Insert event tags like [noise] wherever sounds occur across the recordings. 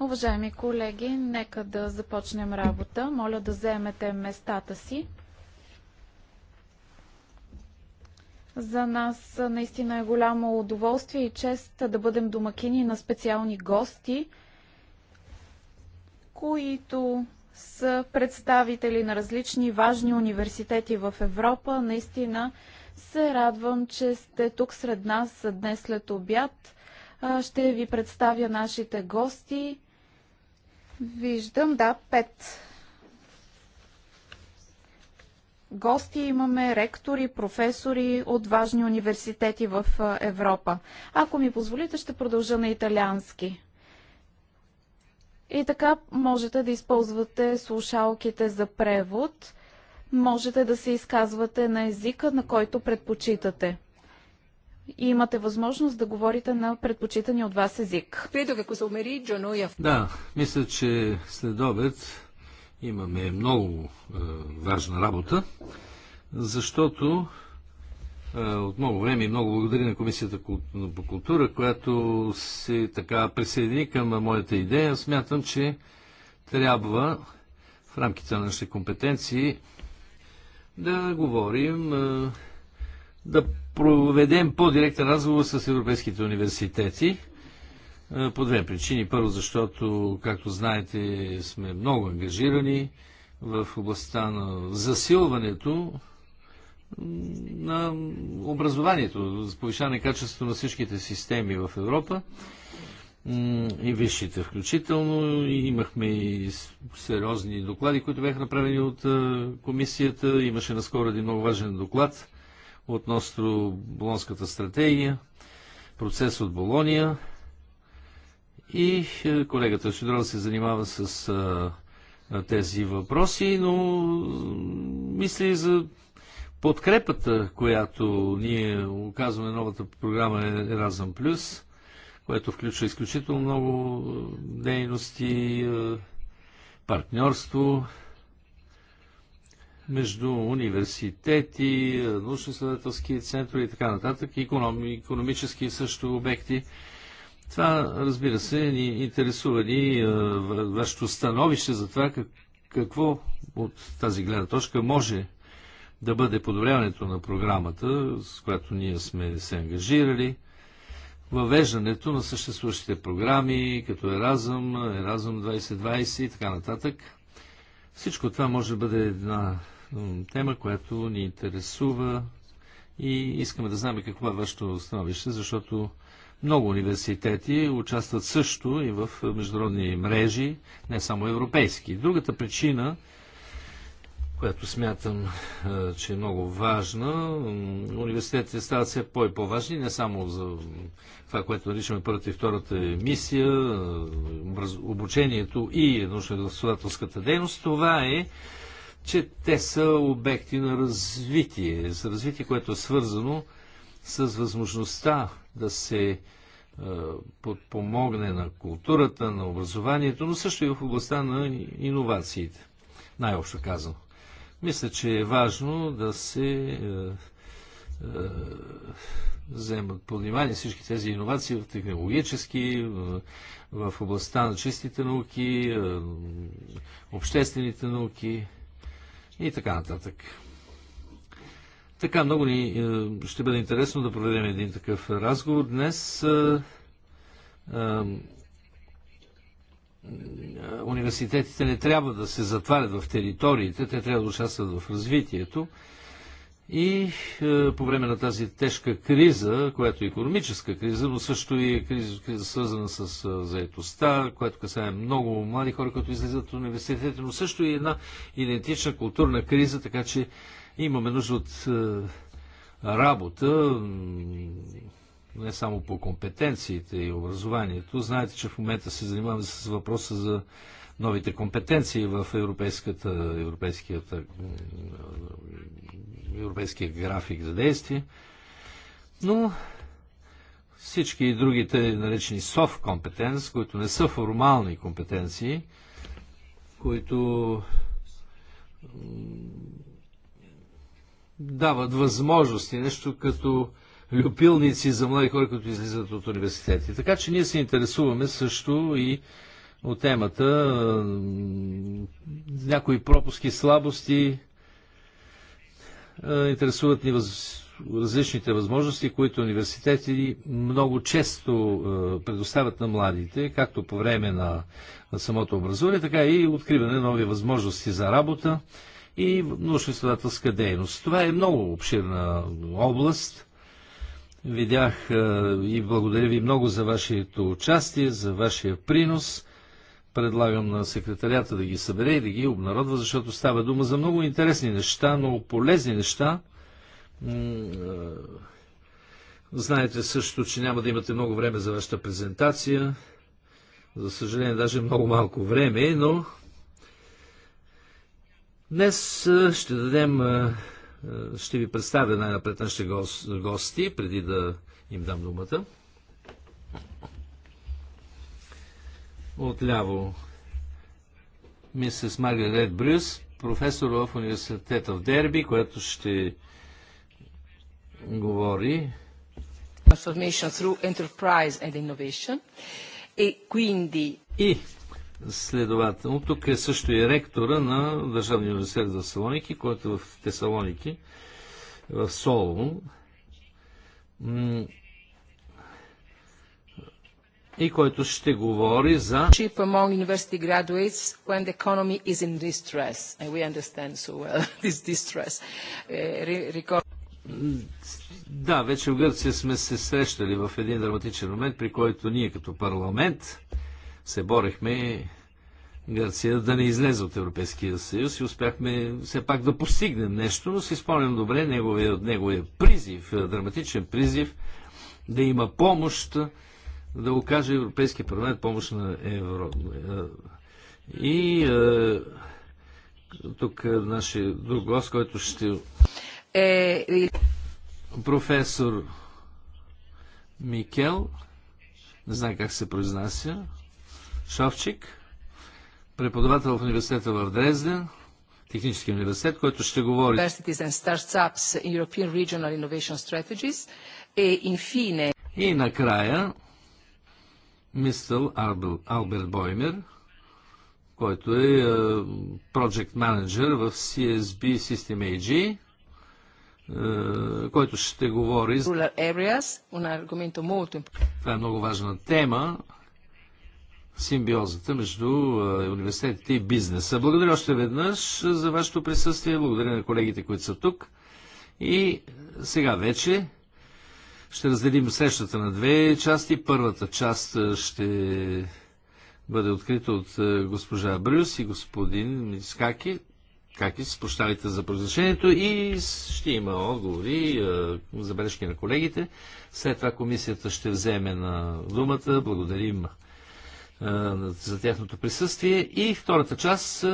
Уважаеми колеги, нека да започнем работа. Моля да заемете местата си. За нас наистина е голямо удоволствие и чест да бъдем домакини на специални гости, които са представители на различни важни университети в Европа. Наистина се радвам, че сте тук сред нас днес след обяд. Ще ви представя нашите гости. Виждам, да, пет гости имаме ректори, професори от важни университети в Европа. Ако ми позволите, ще продължа на италиански. И така можете да използвате слушалките за превод. Можете да се изказвате на езика, на който предпочитате и имате възможност да говорите на предпочитания от вас език. Да, мисля, че след обед имаме много е, важна работа, защото е, от много време и много благодаря на Комисията по култура, която се така присъедини към моята идея. Смятам, че трябва в рамките на нашите компетенции да говорим е, да проведем по-директен разговор с европейските университети е, по две причини. Първо, защото, както знаете, сме много ангажирани в областта на засилването на образованието, за повишаване качеството на всичките системи в Европа и висшите включително. И имахме и сериозни доклади, които бяха направени от е, комисията. Имаше наскоро един много важен доклад – относно Болонската стратегия, процес от Болония. И е, колегата Сидоров се занимава с а, е, е, тези въпроси, но мисли за подкрепата, която ние оказваме новата програма Еразъм Плюс, което включва изключително много дейности, партньорство, между университети, научно-следователски центрове и така нататък, економи, економически също обекти. Това, разбира се, ни интересува ни вашето становище за това как, какво от тази гледна точка може да бъде подобряването на програмата, с която ние сме се ангажирали, въвеждането на съществуващите програми, като Еразъм, Еразъм 2020 и така нататък. Всичко това може да бъде една тема, която ни интересува и искаме да знаем какво е вашето становище, защото много университети участват също и в международни мрежи, не само европейски. Другата причина, която смятам, е, че е много важна, университетите стават все по- и по-важни, не само за това, което наричаме първата и втората мисия, е, обучението и научно-изследователската дейност. Това е че те са обекти на развитие, за развитие, което е свързано с възможността да се е, подпомогне на културата, на образованието, но също и в областта на иновациите, най-общо казано. Мисля, че е важно да се е, е, вземат под внимание всички тези иновации в технологически, в областта на чистите науки, обществените науки и така нататък. Така, много ни е, ще бъде интересно да проведем един такъв разговор днес. Е, е, университетите не трябва да се затварят в териториите, те трябва да участват в развитието. И е, по време на тази тежка криза, която е економическа криза, но също и криза, криза свързана с е, заетостта, която касае много млади хора, които излизат от университетите, но също и една идентична културна криза, така че имаме нужда от е, работа, не само по компетенциите и образованието. Знаете, че в момента се занимаваме с въпроса за новите компетенции в европейската, европейскията, европейския график за действие. Но всички другите наречени soft компетенции, които не са формални компетенции, които дават възможности, нещо като люпилници за млади хора, които излизат от университети. Така че ние се интересуваме също и от темата. Някои пропуски, слабости интересуват ни въз... различните възможности, които университети много често предоставят на младите, както по време на, на самото образование, така и откриване на нови възможности за работа и научно-изследователска дейност. Това е много обширна област. Видях и благодаря ви много за вашето участие, за вашия принос предлагам на секретарията да ги събере и да ги обнародва, защото става дума за много интересни неща, много полезни неща. Знаете също, че няма да имате много време за вашата презентация. За съжаление, даже много малко време, но днес ще дадем, ще ви представя най-напред нашите гости, преди да им дам думата. Отляво мисъс Маргарет Брюс, професор в университета в Дерби, която ще говори. Transformation through enterprise and innovation. quindi... И следователно, тук е също и ректора на Държавния университет в Салоники, който е в Тесалоники, в Солун и който ще говори за among university graduates when the economy is in distress and we understand so well [laughs] this distress. Eh, да, вече в Гърция сме се срещали в един драматичен момент, при който ние като парламент се борехме Гърция да не излезе от Европейския съюз и успяхме все пак да постигнем нещо, но си спомням добре неговия, неговия призив, драматичен призив да има помощ да окаже Европейския парламент помощ на Евро. Е, и е, тук нашия друг гост, който ще... Е, Професор Микел, не знае как се произнася, Шовчик, преподавател в университета в Дрезден, технически университет, който ще говори. И накрая мистъл Алберт Боймер, който е, е Project Manager в CSB System AG, е, който ще говори за... Това е много важна тема, симбиозата между е, университетите и бизнеса. Благодаря още веднъж за вашето присъствие, благодаря на колегите, които са тук. И сега вече ще разделим срещата на две части. Първата част ще бъде открита от госпожа Брюс и господин Скаки. Каки, прощавайте за произношението и ще има отговори, забележки на колегите. След това комисията ще вземе на думата. Благодарим за тяхното присъствие. И втората част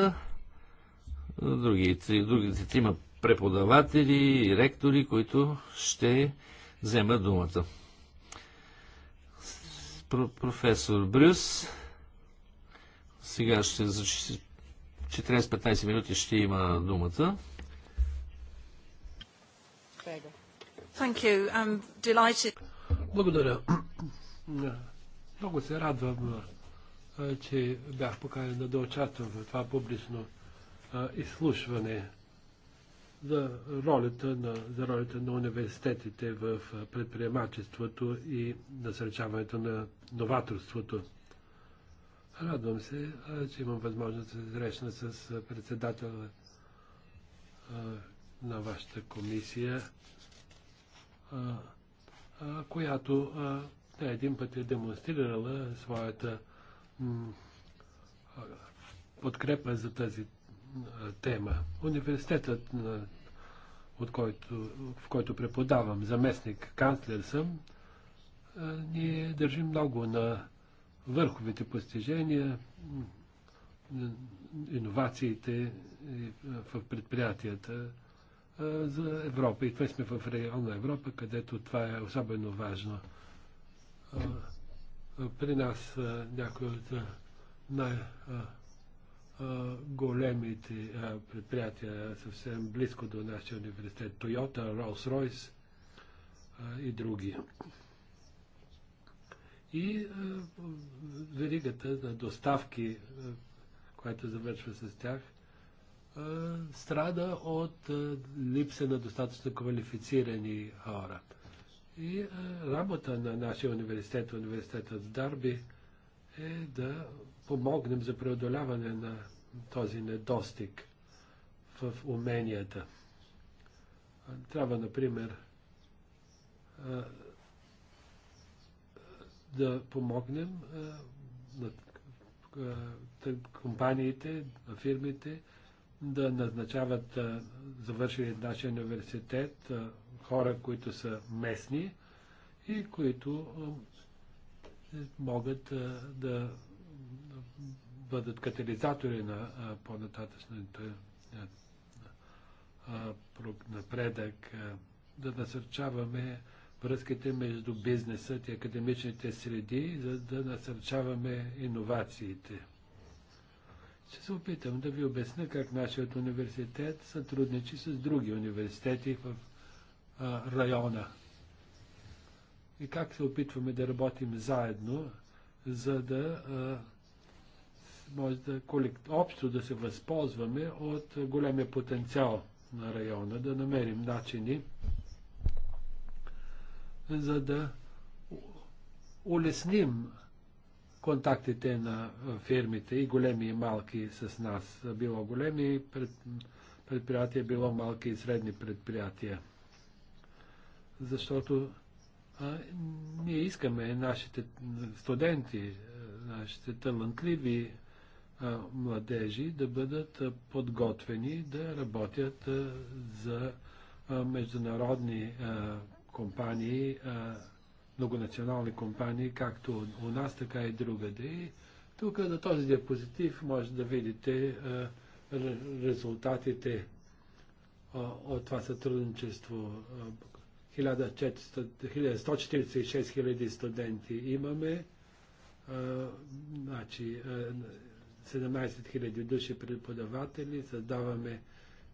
другите, другите трима преподаватели и ректори, които ще взема думата. Про професор Брюс, сега ще за 14-15 минути ще има думата. Благодаря. [clears throat] Много се радвам, че бях поканен да участвам в това публично изслушване за ролята на, за ролята на университетите в предприемачеството и насърчаването на новаторството. Радвам се, че имам възможност да се срещна с председателя на вашата комисия, която не един път е демонстрирала своята подкрепа за тази тема. Университетът, на, от който, в който преподавам, заместник канцлер съм, ние държим много на върховите постижения, иновациите в предприятията за Европа. И това сме в района Европа, където това е особено важно. При нас някои от най- големите предприятия съвсем близко до нашия университет, Toyota, Rolls-Royce и други. И веригата на доставки, която завършва с тях, страда от липса на достатъчно квалифицирани хора. И работа на нашия университет, университетът Дарби, е да помогнем за преодоляване на този недостиг в уменията. Трябва, например, да помогнем на компаниите, на фирмите да назначават завършили нашия университет хора, които са местни и които могат да бъдат катализатори на по-нататъчната напредък, да насърчаваме връзките между бизнесът и академичните среди, за да насърчаваме иновациите. Ще се опитам да ви обясня как нашият университет сътрудничи с други университети в района и как се опитваме да работим заедно, за да а, може да колект, общо да се възползваме от големия потенциал на района, да намерим начини за да улесним контактите на фирмите и големи и малки с нас. Било големи предприятия, било малки и средни предприятия. Защото а, ние искаме нашите студенти, нашите талантливи младежи да бъдат подготвени да работят за международни компании, многонационални компании, както у нас, така и другаде. Тук на този диапозитив може да видите резултатите от това сътрудничество. 146 хиляди студенти имаме. Значи, 17 000 души преподаватели, създаваме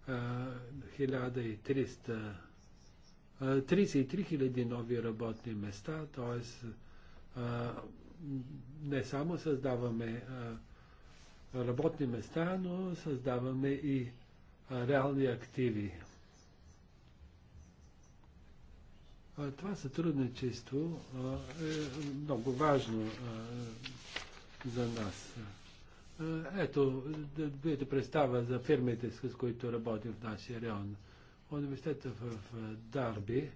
1300 33 хиляди нови работни места, т.е. не само създаваме а, работни места, но създаваме и а, реални активи. това сътрудничество е много важно за нас. Ето, видите представа за фирмите, с които работим в нашия район. Университета в Дарби,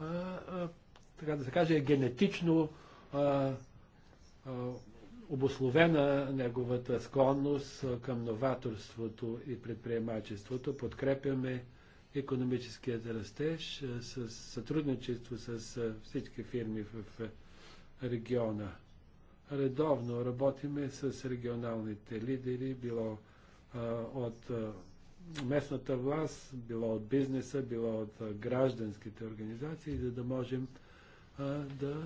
а, а, така да се каже, е генетично а, обословена неговата склонност към новаторството и предприемачеството. Подкрепяме економическият растеж с сътрудничество с всички фирми в региона. Редовно работиме с регионалните лидери, било а, от а, местната власт, било от бизнеса, било от а, гражданските организации, за да можем а, да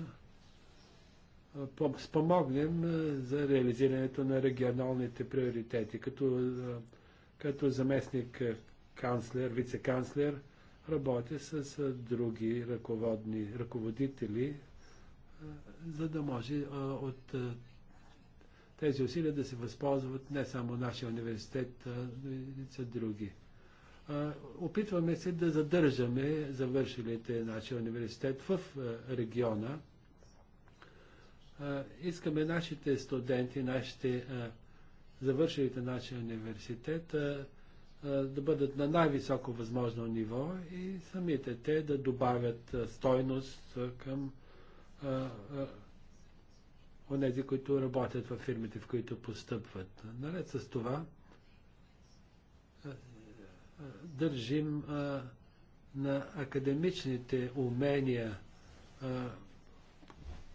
спомогнем за реализирането на регионалните приоритети. Като, като заместник канцлер, вице-канцлер, работя с други ръководни, ръководители за да може от тези усилия да се възползват не само нашия университет, но и са други. Опитваме се да задържаме завършилите нашия университет в региона. Искаме нашите студенти, нашите завършилите нашия университет да бъдат на най-високо възможно ниво и самите те да добавят стойност към онези, които работят в фирмите, в които постъпват. Наред с това, държим на академичните умения,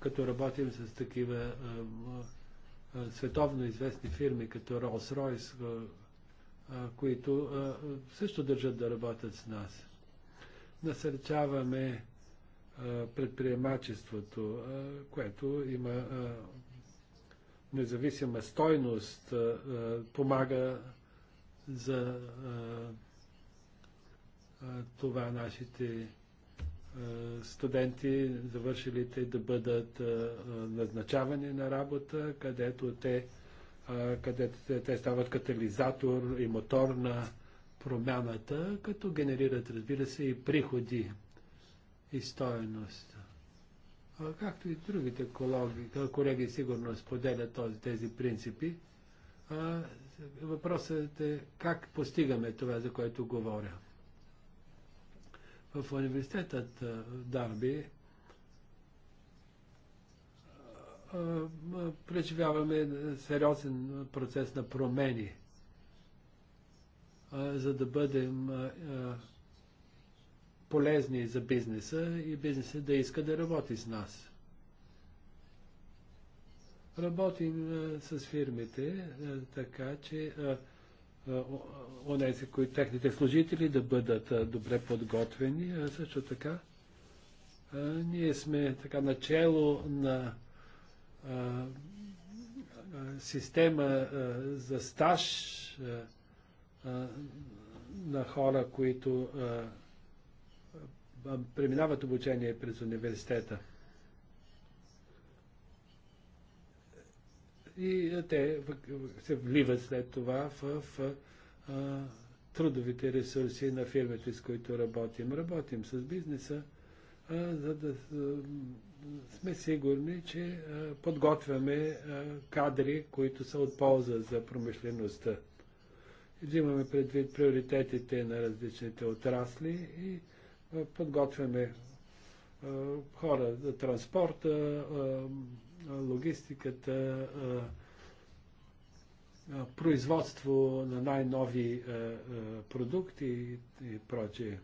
като работим с такива световно известни фирми, като Rolls-Royce, които също държат да работят с нас. Насърчаваме предприемачеството, което има независима стойност, помага за това нашите студенти, завършилите да бъдат назначавани на работа, където те, където те стават катализатор и мотор на промяната, като генерират, разбира се, и приходи и стоеност. А както и другите колеги, колеги сигурно споделят този, тези принципи, а въпросът е как постигаме това, за което говоря. В университетът в Дарби преживяваме сериозен процес на промени, за да бъдем полезни за бизнеса и бизнеса да иска да работи с нас. Работим а, с фирмите а, така, че онези, които техните служители да бъдат а, добре подготвени, а също така а, ние сме така начало на а, система за стаж на хора, които преминават обучение през университета. И те се вливат след това в, в а, трудовите ресурси на фирмите, с които работим. Работим с бизнеса, а, за да а, сме сигурни, че а, подготвяме а, кадри, които са от полза за промишлеността. Взимаме предвид приоритетите на различните отрасли и подготвяме хора за транспорта, логистиката, производство на най-нови продукти и прочее.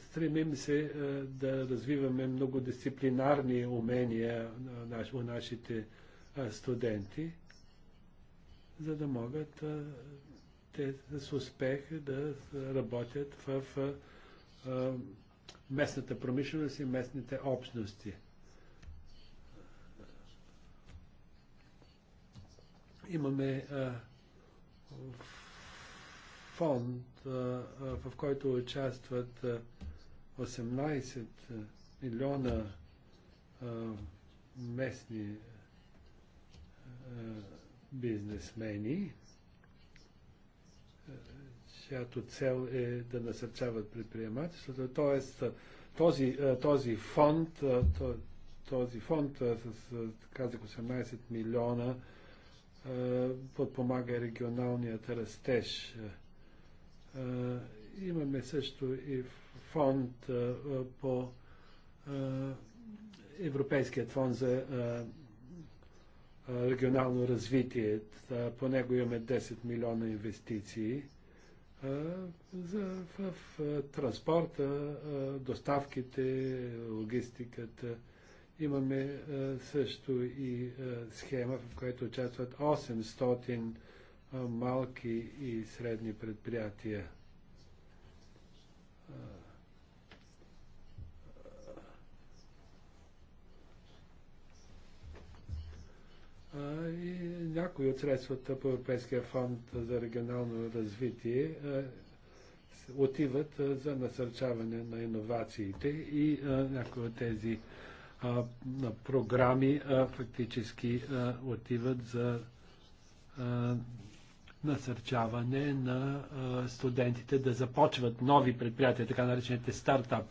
Стремим се да развиваме много дисциплинарни умения у нашите студенти, за да могат те с успех да работят в местната промишленост и местните общности. Имаме фонд, в който участват 18 милиона местни бизнесмени чиято цел е да насърчават предприемачеството. Тоест, този, този фонд, този фонд с, казах, 18 милиона подпомага регионалният растеж. Имаме също и фонд по Европейският фонд за регионално развитие. По него имаме 10 милиона инвестиции за, в, в транспорта, доставките, логистиката. Имаме също и схема, в която участват 800 малки и средни предприятия и някои от средствата по Европейския фонд за регионално развитие отиват за насърчаване на иновациите и някои от тези програми фактически отиват за насърчаване на студентите да започват нови предприятия, така наречените стартап.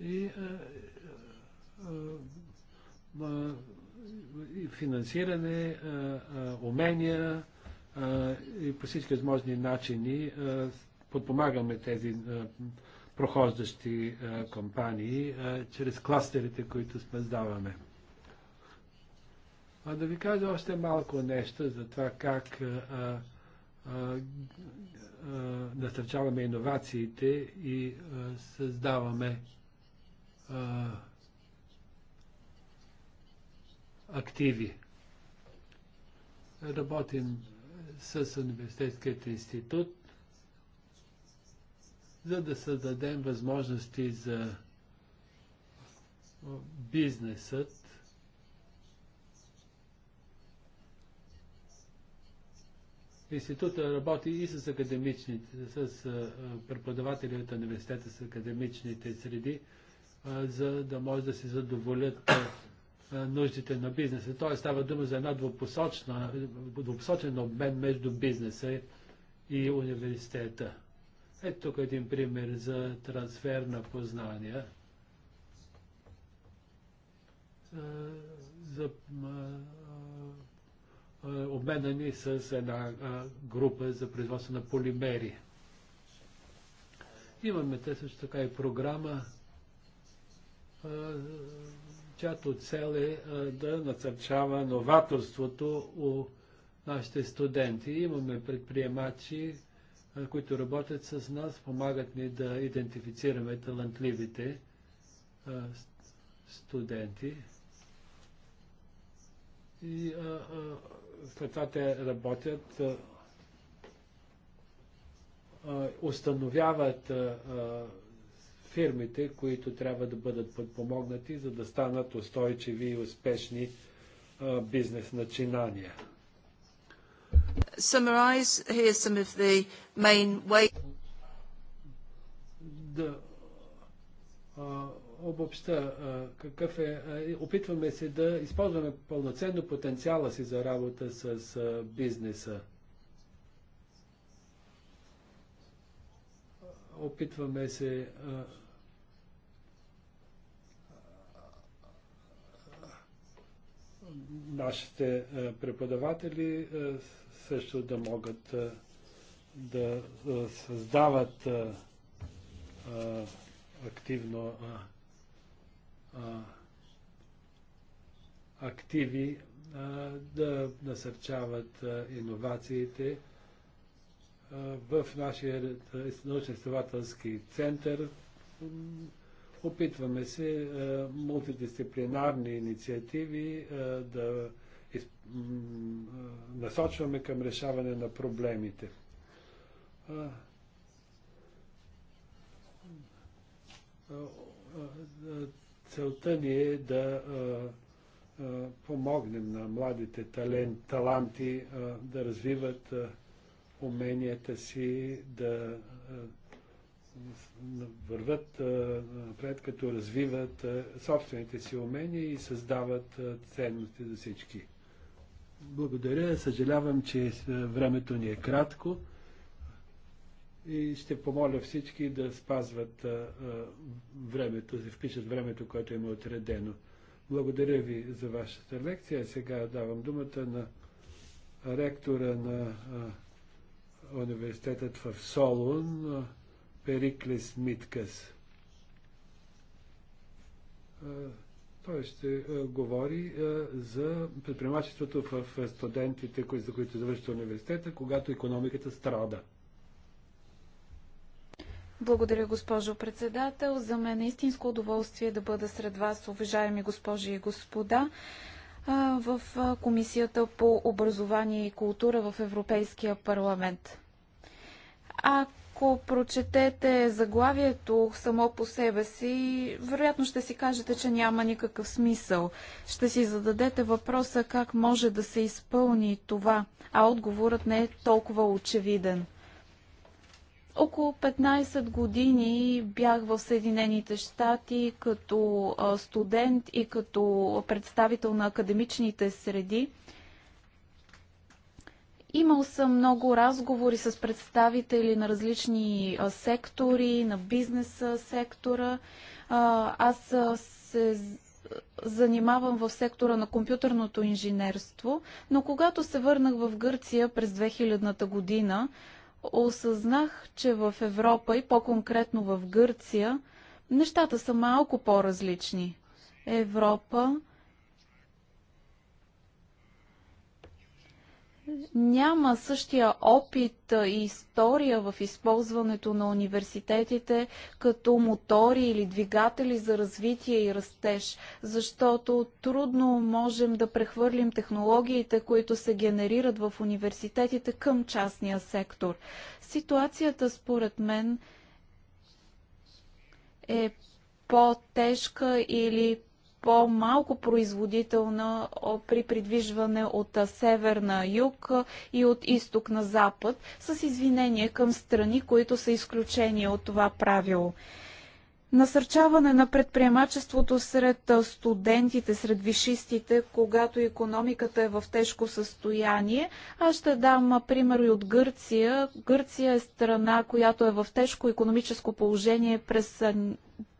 И финансиране, умения и по всички възможни начини подпомагаме тези прохождащи компании чрез кластерите, които сме сдаваме. А да ви кажа още малко нещо за това как насърчаваме иновациите и създаваме активи. Работим с Университетският институт, за да създадем възможности за бизнесът Института работи и с академичните, с преподаватели от университета, с академичните среди, за да може да се задоволят нуждите на бизнеса. Т.е. става дума за една двупосочна, двупосочен обмен между бизнеса и университета. Ето тук един пример за трансфер на познания. За обмена ни с една група за производство на полимери. Имаме те също така и програма чиято цел е да насърчава новаторството у нашите студенти. Имаме предприемачи, които работят с нас, помагат ни да идентифицираме талантливите студенти. И а, а, след това те работят, а, установяват фирмите, които трябва да бъдат подпомогнати, за да станат устойчиви и успешни бизнес начинания. Да а, обобща а, какъв е. Опитваме се да използваме пълноценно потенциала си за работа с бизнеса. опитваме се нашите е, преподаватели е, също да могат е, да създават активно активи, да насърчават иновациите. В нашия научно-изследователски център Опитваме се е, мултидисциплинарни инициативи е, да е, насочваме към решаване на проблемите. Целта ни е да помогнем на младите талент, таланти да развиват уменията си, да върват напред, като развиват собствените си умения и създават ценности за всички. Благодаря, съжалявам, че времето ни е кратко и ще помоля всички да спазват времето, да впишат времето, което им е отредено. Благодаря ви за вашата лекция. Сега давам думата на ректора на университетът в Солун, Периклес Миткас. Той ще говори за предприемачеството в студентите, за които завършат университета, когато економиката страда. Благодаря, госпожо председател. За мен е истинско удоволствие да бъда сред вас, уважаеми госпожи и господа в Комисията по образование и култура в Европейския парламент. Ако ако прочетете заглавието само по себе си, вероятно ще си кажете, че няма никакъв смисъл. Ще си зададете въпроса как може да се изпълни това, а отговорът не е толкова очевиден. Около 15 години бях в Съединените щати като студент и като представител на академичните среди – Имал съм много разговори с представители на различни сектори, на бизнес сектора. Аз се занимавам в сектора на компютърното инженерство, но когато се върнах в Гърция през 2000-та година, осъзнах, че в Европа и по-конкретно в Гърция нещата са малко по-различни. Европа няма същия опит и история в използването на университетите като мотори или двигатели за развитие и растеж, защото трудно можем да прехвърлим технологиите, които се генерират в университетите към частния сектор. Ситуацията, според мен, е по-тежка или по-малко производителна при придвижване от север на юг и от изток на запад, с извинение към страни, които са изключени от това правило. Насърчаване на предприемачеството сред студентите, сред вишистите, когато економиката е в тежко състояние. Аз ще дам пример и от Гърция. Гърция е страна, която е в тежко економическо положение през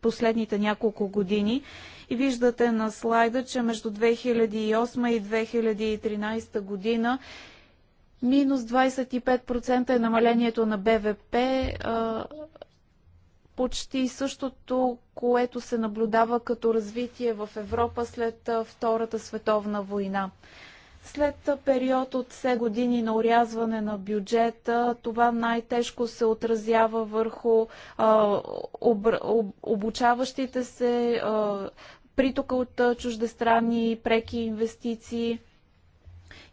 последните няколко години. И виждате на слайда, че между 2008 и 2013 година минус 25% е намалението на БВП почти същото, което се наблюдава като развитие в Европа след Втората световна война. След период от все години на урязване на бюджета, това най-тежко се отразява върху а, об, об, обучаващите се, а, притока от чуждестранни преки инвестиции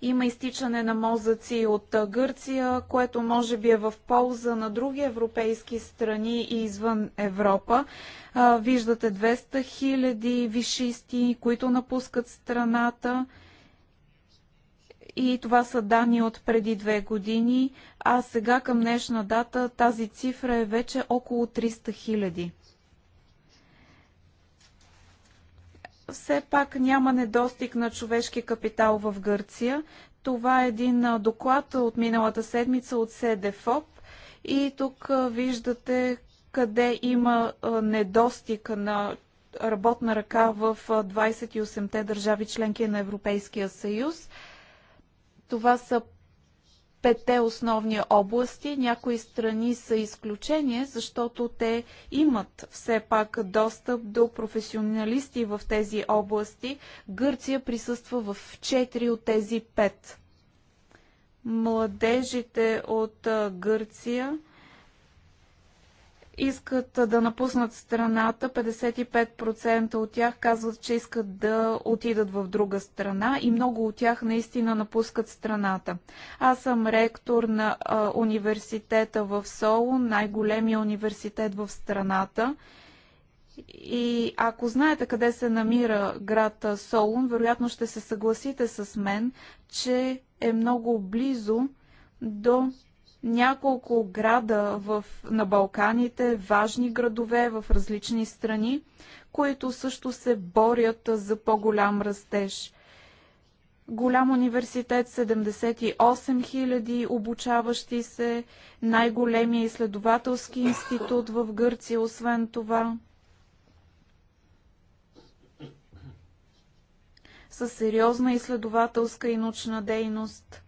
има изтичане на мозъци от Гърция, което може би е в полза на други европейски страни и извън Европа. Виждате 200 хиляди вишисти, които напускат страната и това са данни от преди две години, а сега към днешна дата тази цифра е вече около 300 хиляди. все пак няма недостиг на човешки капитал в Гърция. Това е един доклад от миналата седмица от СДФОП и тук виждате къде има недостиг на работна ръка в 28-те държави членки на Европейския съюз. Това са петте основни области. Някои страни са изключение, защото те имат все пак достъп до професионалисти в тези области. Гърция присъства в 4 от тези пет Младежите от Гърция искат да напуснат страната. 55% от тях казват, че искат да отидат в друга страна и много от тях наистина напускат страната. Аз съм ректор на а, университета в Соло, най-големия университет в страната. И ако знаете къде се намира град Солун, вероятно ще се съгласите с мен, че е много близо до няколко града в, на Балканите, важни градове в различни страни, които също се борят за по-голям растеж. Голям университет, 78 000 обучаващи се, най-големия изследователски институт в Гърция, освен това. Със сериозна изследователска и научна дейност –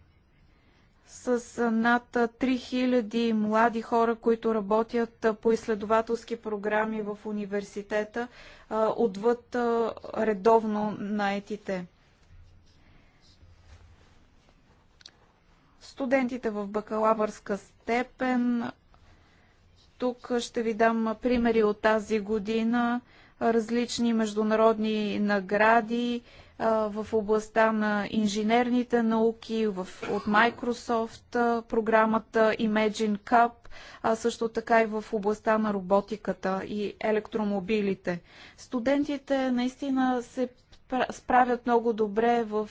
с над 3000 млади хора, които работят по изследователски програми в университета, отвъд редовно наетите. Студентите в бакалавърска степен. Тук ще ви дам примери от тази година различни международни награди в областта на инженерните науки, в, от Microsoft програмата Imagine Cup, а също така и в областта на роботиката и електромобилите. Студентите наистина се справят много добре в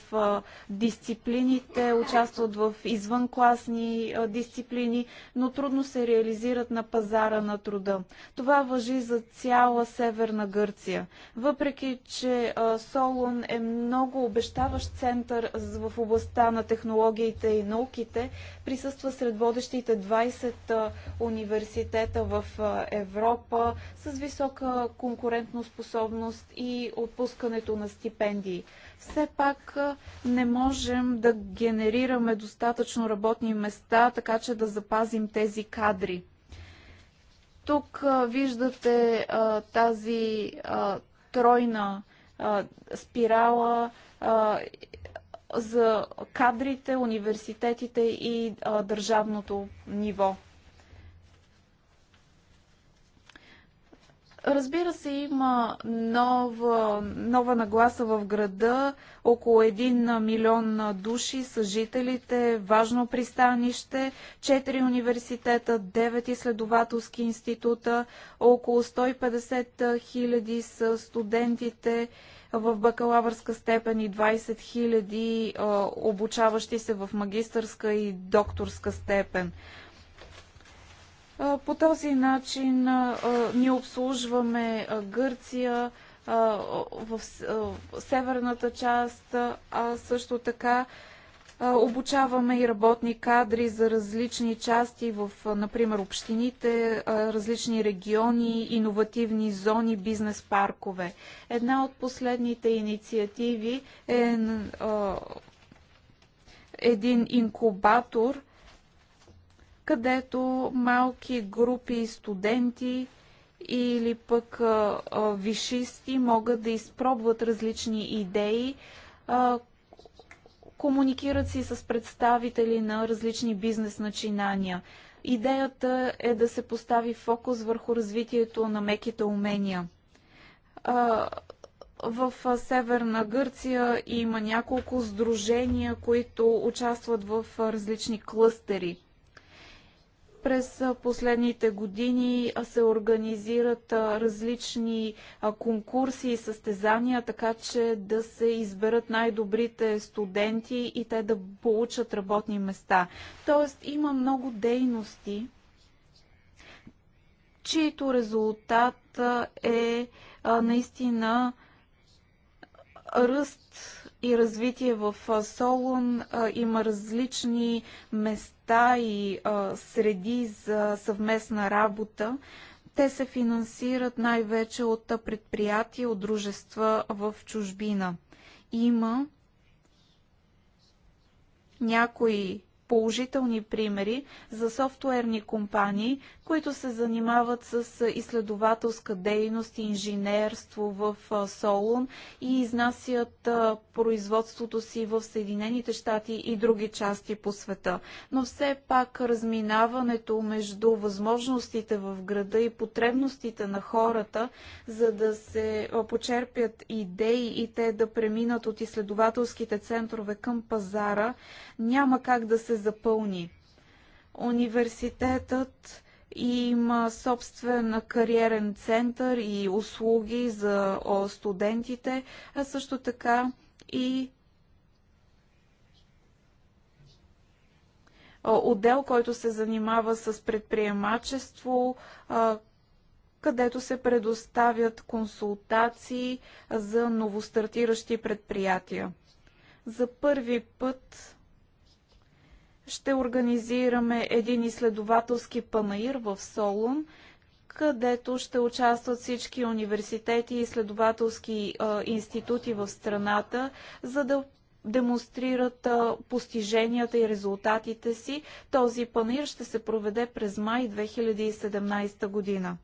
дисциплините, участват в извънкласни дисциплини, но трудно се реализират на пазара на труда. Това въжи за цяла Северна Гърция. Въпреки, че Солун е много обещаващ център в областта на технологиите и науките, присъства сред водещите 20 университета в Европа с висока конкурентноспособност и отпускането на стипендии. Все пак не можем да генерираме достатъчно работни места, така че да запазим тези кадри. Тук виждате а, тази а, тройна а, спирала за кадрите, университетите и а, държавното ниво. Разбира се, има нова, нова нагласа в града. Около 1 милион души са жителите, важно пристанище, 4 университета, 9 изследователски института, около 150 хиляди са студентите в бакалавърска степен и 20 хиляди обучаващи се в магистърска и докторска степен. По този начин ние обслужваме Гърция в северната част, а също така Обучаваме и работни кадри за различни части в, например, общините, различни региони, иновативни зони, бизнес паркове. Една от последните инициативи е един инкубатор, където малки групи студенти или пък вишисти могат да изпробват различни идеи, комуникират си с представители на различни бизнес начинания. Идеята е да се постави фокус върху развитието на меките умения. В Северна Гърция има няколко сдружения, които участват в различни клъстери – през последните години се организират различни конкурси и състезания, така че да се изберат най-добрите студенти и те да получат работни места. Тоест има много дейности, чието резултат е наистина ръст и развитие в Солун. Има различни места и среди за съвместна работа. Те се финансират най-вече от предприятия, от дружества в чужбина. Има някои положителни примери за софтуерни компании, които се занимават с изследователска дейност инженерство в Солун и изнасят производството си в Съединените щати и други части по света. Но все пак разминаването между възможностите в града и потребностите на хората, за да се почерпят идеи и те да преминат от изследователските центрове към пазара, няма как да се запълни. Университетът има собствен кариерен център и услуги за студентите, а също така и отдел, който се занимава с предприемачество, където се предоставят консултации за новостартиращи предприятия. За първи път ще организираме един изследователски панаир в Солун, където ще участват всички университети и изследователски а, институти в страната, за да демонстрират а, постиженията и резултатите си. Този панаир ще се проведе през май 2017 година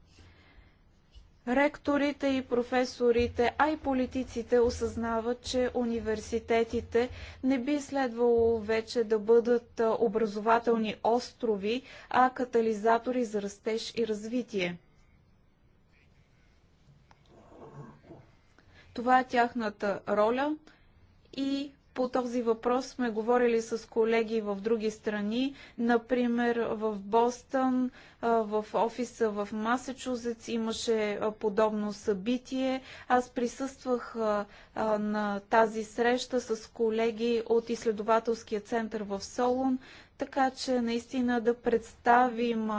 ректорите и професорите, а и политиците осъзнават, че университетите не би следвало вече да бъдат образователни острови, а катализатори за растеж и развитие. Това е тяхната роля и по този въпрос сме говорили с колеги в други страни, например в Бостън, в офиса в Масачузетс имаше подобно събитие. Аз присъствах на тази среща с колеги от изследователския център в Солун, така че наистина да представим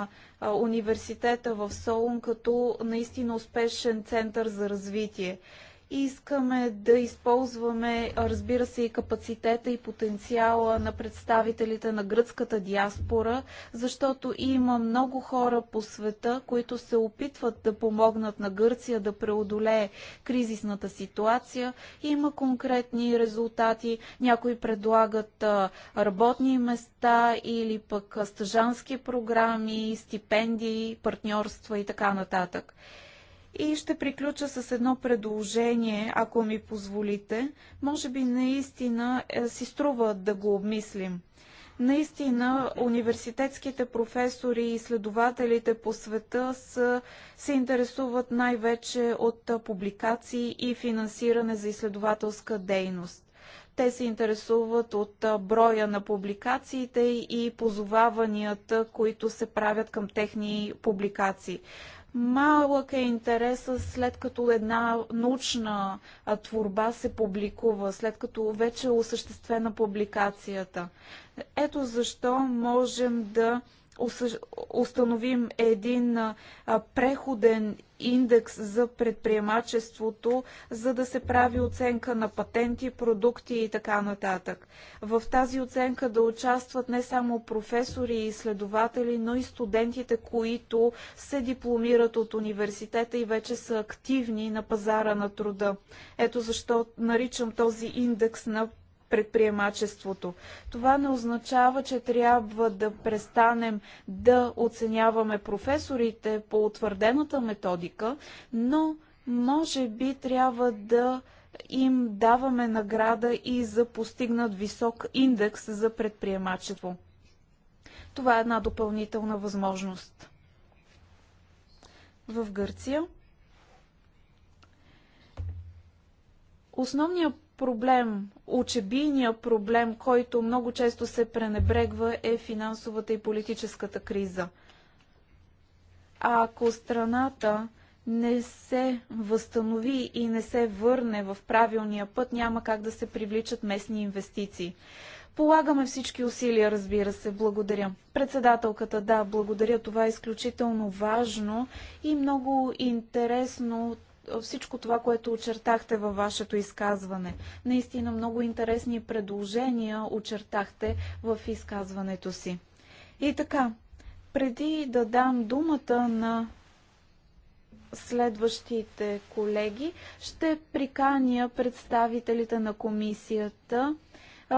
университета в Солун като наистина успешен център за развитие. Искаме да използваме, разбира се, и капацитета и потенциала на представителите на гръцката диаспора, защото има много хора по света, които се опитват да помогнат на Гърция да преодолее кризисната ситуация. Има конкретни резултати. Някои предлагат работни места или пък стъжански програми, стипендии, партньорства и така нататък. И ще приключа с едно предложение, ако ми позволите. Може би наистина е, си струва да го обмислим. Наистина, университетските професори и изследователите по света са, се интересуват най-вече от публикации и финансиране за изследователска дейност. Те се интересуват от броя на публикациите и позоваванията, които се правят към техни публикации. Малък е интереса след като една научна творба се публикува, след като вече е осъществена публикацията. Ето защо можем да установим един преходен индекс за предприемачеството, за да се прави оценка на патенти, продукти и така нататък. В тази оценка да участват не само професори и изследователи, но и студентите, които се дипломират от университета и вече са активни на пазара на труда. Ето защо наричам този индекс на предприемачеството. Това не означава, че трябва да престанем да оценяваме професорите по утвърдената методика, но може би трябва да им даваме награда и за постигнат висок индекс за предприемачество. Това е една допълнителна възможност. В Гърция основният проблем, очебийният проблем, който много често се пренебрегва е финансовата и политическата криза. А ако страната не се възстанови и не се върне в правилния път, няма как да се привличат местни инвестиции. Полагаме всички усилия, разбира се. Благодаря. Председателката, да, благодаря. Това е изключително важно и много интересно всичко това, което очертахте във вашето изказване. Наистина много интересни предложения очертахте в изказването си. И така, преди да дам думата на следващите колеги, ще приканя представителите на комисията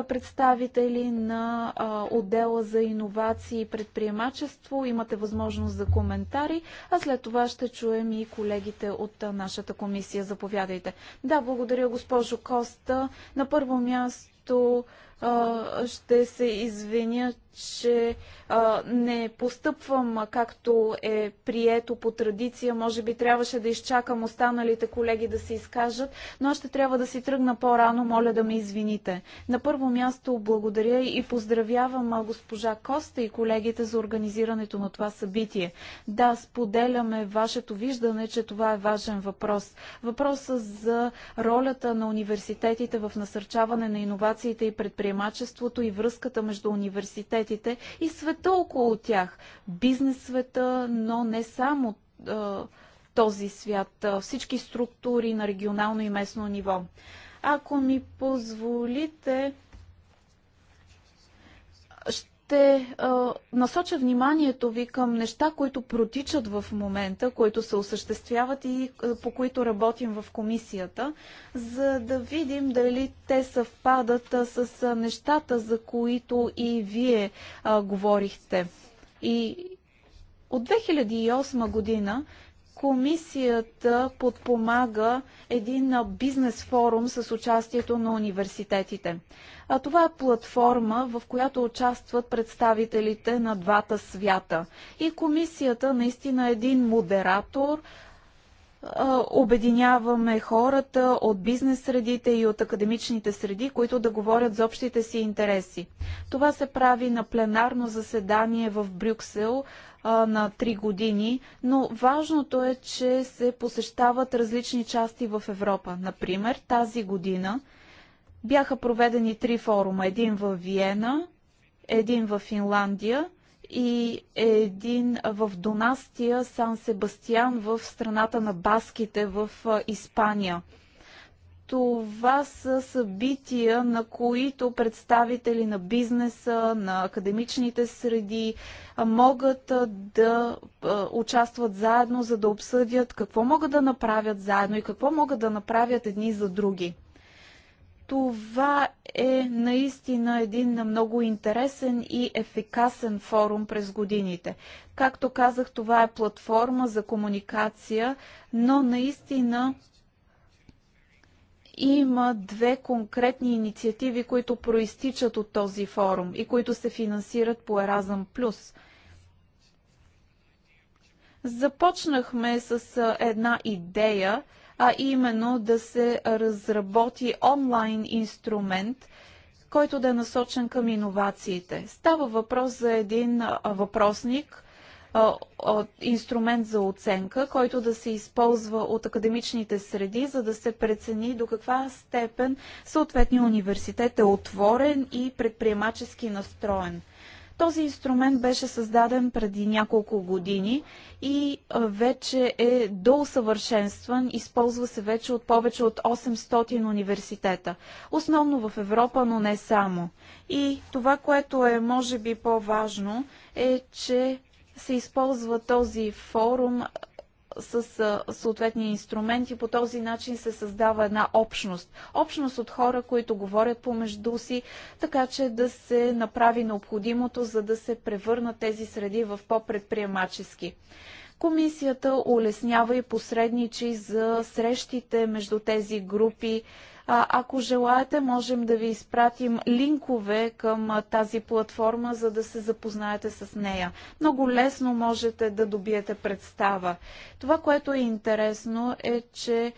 представители на отдела за иновации и предприемачество. Имате възможност за коментари, а след това ще чуем и колегите от нашата комисия. Заповядайте. Да, благодаря, госпожо Коста. На първо място ще се извиня, че не постъпвам както е прието по традиция. Може би трябваше да изчакам останалите колеги да се изкажат, но ще трябва да си тръгна по-рано. Моля да ме извините. На първо място благодаря и поздравявам госпожа Коста и колегите за организирането на това събитие. Да, споделяме вашето виждане, че това е важен въпрос. Въпросът за ролята на университетите в насърчаване на иновациите и предприятията предприемачеството и връзката между университетите и света около тях. Бизнес света, но не само този свят, всички структури на регионално и местно ниво. Ако ми позволите, ще а, насоча вниманието ви към неща, които протичат в момента, които се осъществяват и а, по които работим в комисията, за да видим дали те съвпадат а, с а, нещата, за които и вие а, говорихте. И от 2008 година Комисията подпомага един бизнес форум с участието на университетите. А това е платформа, в която участват представителите на двата свята. И комисията наистина е един модератор, обединяваме хората от бизнес средите и от академичните среди, които да говорят за общите си интереси. Това се прави на пленарно заседание в Брюксел на 3 години, но важното е, че се посещават различни части в Европа. Например, тази година бяха проведени три форума. Един в Виена, един в Финландия и един в Донастия, Сан Себастиан, в страната на баските в Испания – това са събития, на които представители на бизнеса, на академичните среди могат да участват заедно, за да обсъдят какво могат да направят заедно и какво могат да направят едни за други. Това е наистина един много интересен и ефикасен форум през годините. Както казах, това е платформа за комуникация, но наистина има две конкретни инициативи, които проистичат от този форум и които се финансират по Еразъм Плюс. Започнахме с една идея, а именно да се разработи онлайн инструмент, който да е насочен към иновациите. Става въпрос за един въпросник, от инструмент за оценка, който да се използва от академичните среди, за да се прецени до каква степен съответния университет е отворен и предприемачески настроен. Този инструмент беше създаден преди няколко години и вече е доусъвършенстван, използва се вече от повече от 800 университета, основно в Европа, но не само. И това, което е може би по-важно, е, че се използва този форум с съответни инструменти. По този начин се създава една общност. Общност от хора, които говорят помежду си, така че да се направи необходимото, за да се превърнат тези среди в по-предприемачески. Комисията улеснява и посредничи за срещите между тези групи, ако желаете, можем да ви изпратим линкове към тази платформа, за да се запознаете с нея. Много лесно можете да добиете представа. Това, което е интересно е, че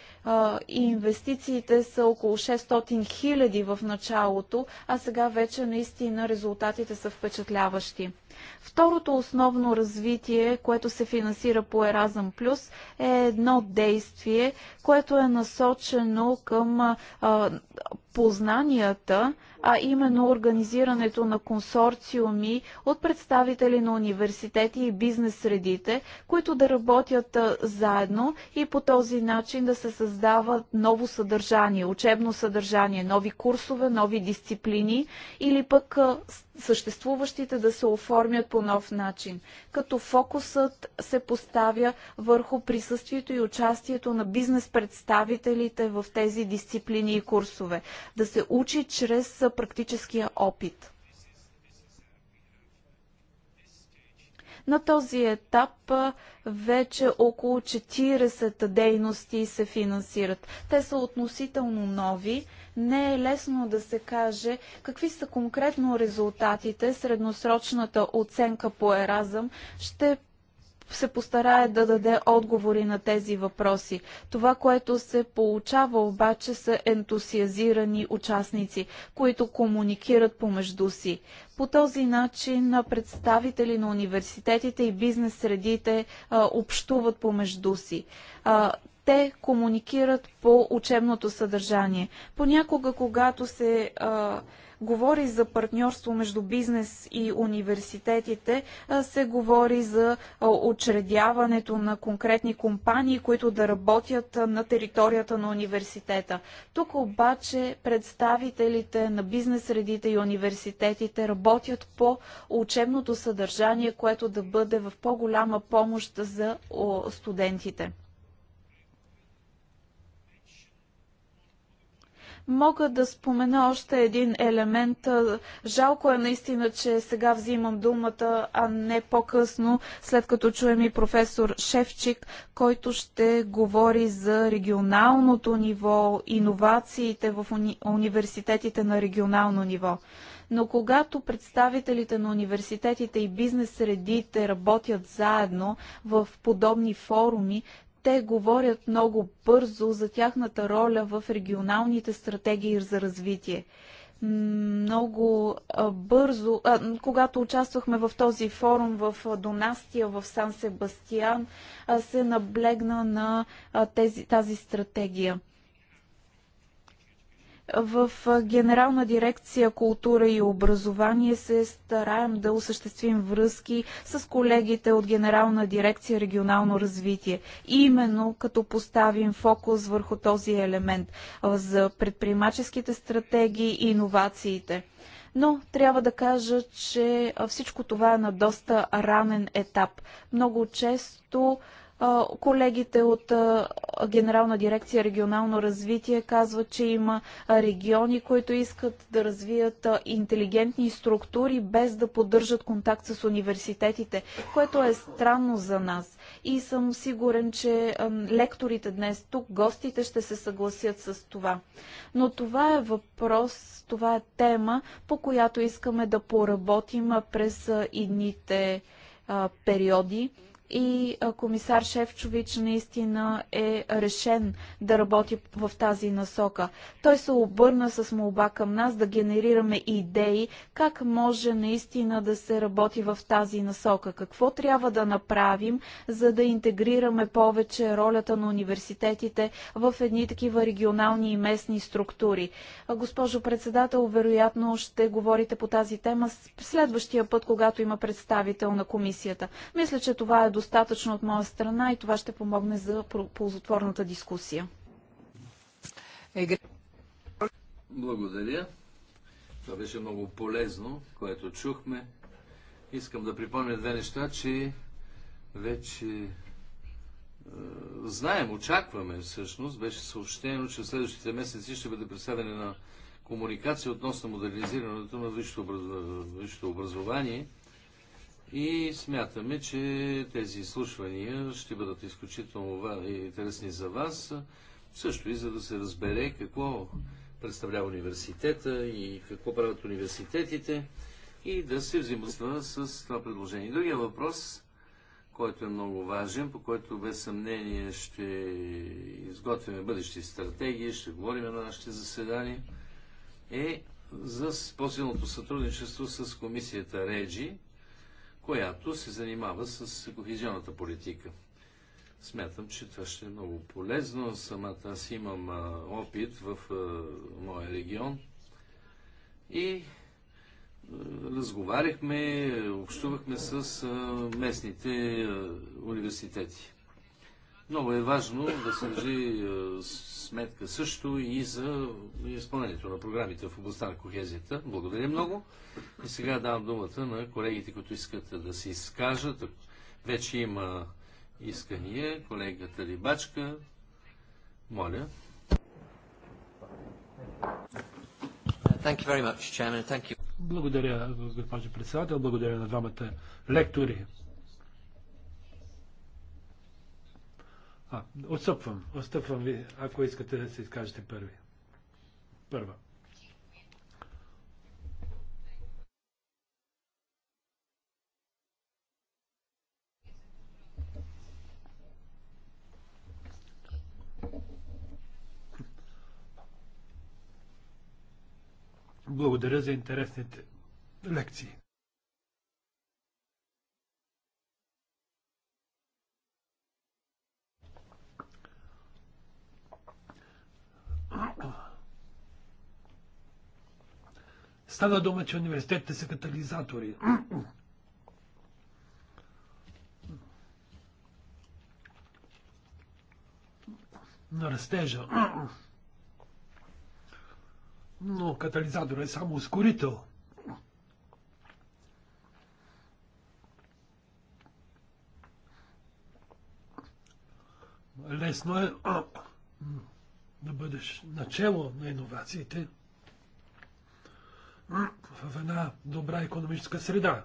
инвестициите са около 600 хиляди в началото, а сега вече наистина резултатите са впечатляващи. Второто основно развитие, което се финансира по Еразъм Плюс, е едно действие, което е насочено към познанията, а именно организирането на консорциуми от представители на университети и бизнес средите, които да работят заедно и по този начин да се създава ново съдържание, учебно съдържание, нови курсове, нови дисциплини или пък съществуващите да се оформят по нов начин, като фокусът се поставя върху присъствието и участието на бизнес представителите в тези дисциплини и курсове. Да се учи чрез практическия опит. На този етап вече около 40 дейности се финансират. Те са относително нови. Не е лесно да се каже какви са конкретно резултатите. Средносрочната оценка по Еразъм ще се постарае да даде отговори на тези въпроси. Това, което се получава обаче са ентусиазирани участници, които комуникират помежду си. По този начин представители на университетите и бизнес средите а, общуват помежду си. А, те комуникират по учебното съдържание. Понякога, когато се а, говори за партньорство между бизнес и университетите, се говори за учредяването на конкретни компании, които да работят на територията на университета. Тук обаче представителите на бизнес средите и университетите работят по учебното съдържание, което да бъде в по-голяма помощ за студентите. Мога да спомена още един елемент. Жалко е наистина, че сега взимам думата, а не по-късно, след като чуем и професор Шевчик, който ще говори за регионалното ниво, иновациите в уни... университетите на регионално ниво. Но когато представителите на университетите и бизнес средите работят заедно в подобни форуми, те говорят много бързо за тяхната роля в регионалните стратегии за развитие. Много бързо, а, когато участвахме в този форум в Донастия, в Сан Себастиан, се наблегна на тези, тази стратегия. В Генерална дирекция култура и образование се стараем да осъществим връзки с колегите от Генерална дирекция регионално развитие. Именно като поставим фокус върху този елемент за предприемаческите стратегии и иновациите. Но трябва да кажа, че всичко това е на доста ранен етап. Много често Колегите от Генерална дирекция регионално развитие казват, че има региони, които искат да развият интелигентни структури без да поддържат контакт с университетите, което е странно за нас. И съм сигурен, че лекторите днес тук, гостите ще се съгласят с това. Но това е въпрос, това е тема, по която искаме да поработим през идните периоди и комисар Шевчович наистина е решен да работи в тази насока. Той се обърна с молба към нас да генерираме идеи как може наистина да се работи в тази насока. Какво трябва да направим, за да интегрираме повече ролята на университетите в едни такива регионални и местни структури. Госпожо председател, вероятно ще говорите по тази тема следващия път, когато има представител на комисията. Мисля, че това е достатъчно достатъчно от моя страна и това ще помогне за ползотворната дискусия. Благодаря. Това беше много полезно, което чухме. Искам да припомня две неща, че вече е, знаем, очакваме всъщност, беше съобщено, че в следващите месеци ще бъде представена на комуникация относно модернизирането на висшето образование и смятаме, че тези изслушвания ще бъдат изключително интересни за вас, също и за да се разбере какво представлява университета и какво правят университетите и да се взаимства с това предложение. Другия въпрос, който е много важен, по който без съмнение ще изготвяме бъдещи стратегии, ще говорим на нашите заседания, е за по-силното сътрудничество с комисията Реджи, която се занимава с кохезионната политика. Смятам, че това ще е много полезно. Самата аз имам а, опит в а, моя регион и разговаряхме, общувахме с местните университети. Много е важно да се държи е, сметка също и за изпълнението на програмите в областта на кохезията. Благодаря много. И сега давам думата на колегите, които искат да се изкажат. Вече има искания. Колегата Рибачка. Моля. Much, Благодаря, госпожо председател. Благодаря на двамата лектори А, отстъпвам. Отстъпвам ви, ако искате да се изкажете първи. Първа. Благодаря за интересните лекции. Стана дума, че университетите са катализатори. на растежа. Но катализатор е само ускорител. Лесно е да бъдеш начало на иновациите в една добра економическа среда.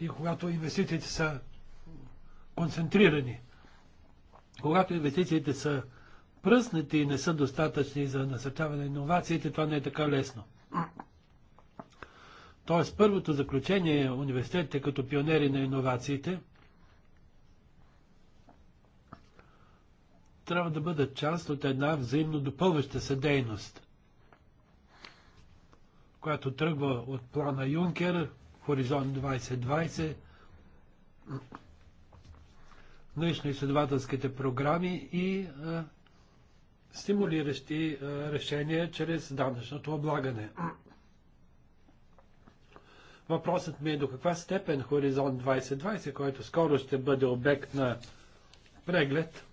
И когато инвестициите са концентрирани, когато инвестициите са пръснати и не са достатъчни за насърчаване на иновациите, това не е така лесно. Тоест, първото заключение е университетите като пионери на иновациите трябва да бъдат част от една взаимно допълваща се дейност, която тръгва от плана Юнкер, Хоризонт 2020, научно-изследователските програми и а, е, стимулиращи а, е, решения чрез данъчното облагане. Въпросът ми е до каква степен Хоризонт 2020, който скоро ще бъде обект на преглед,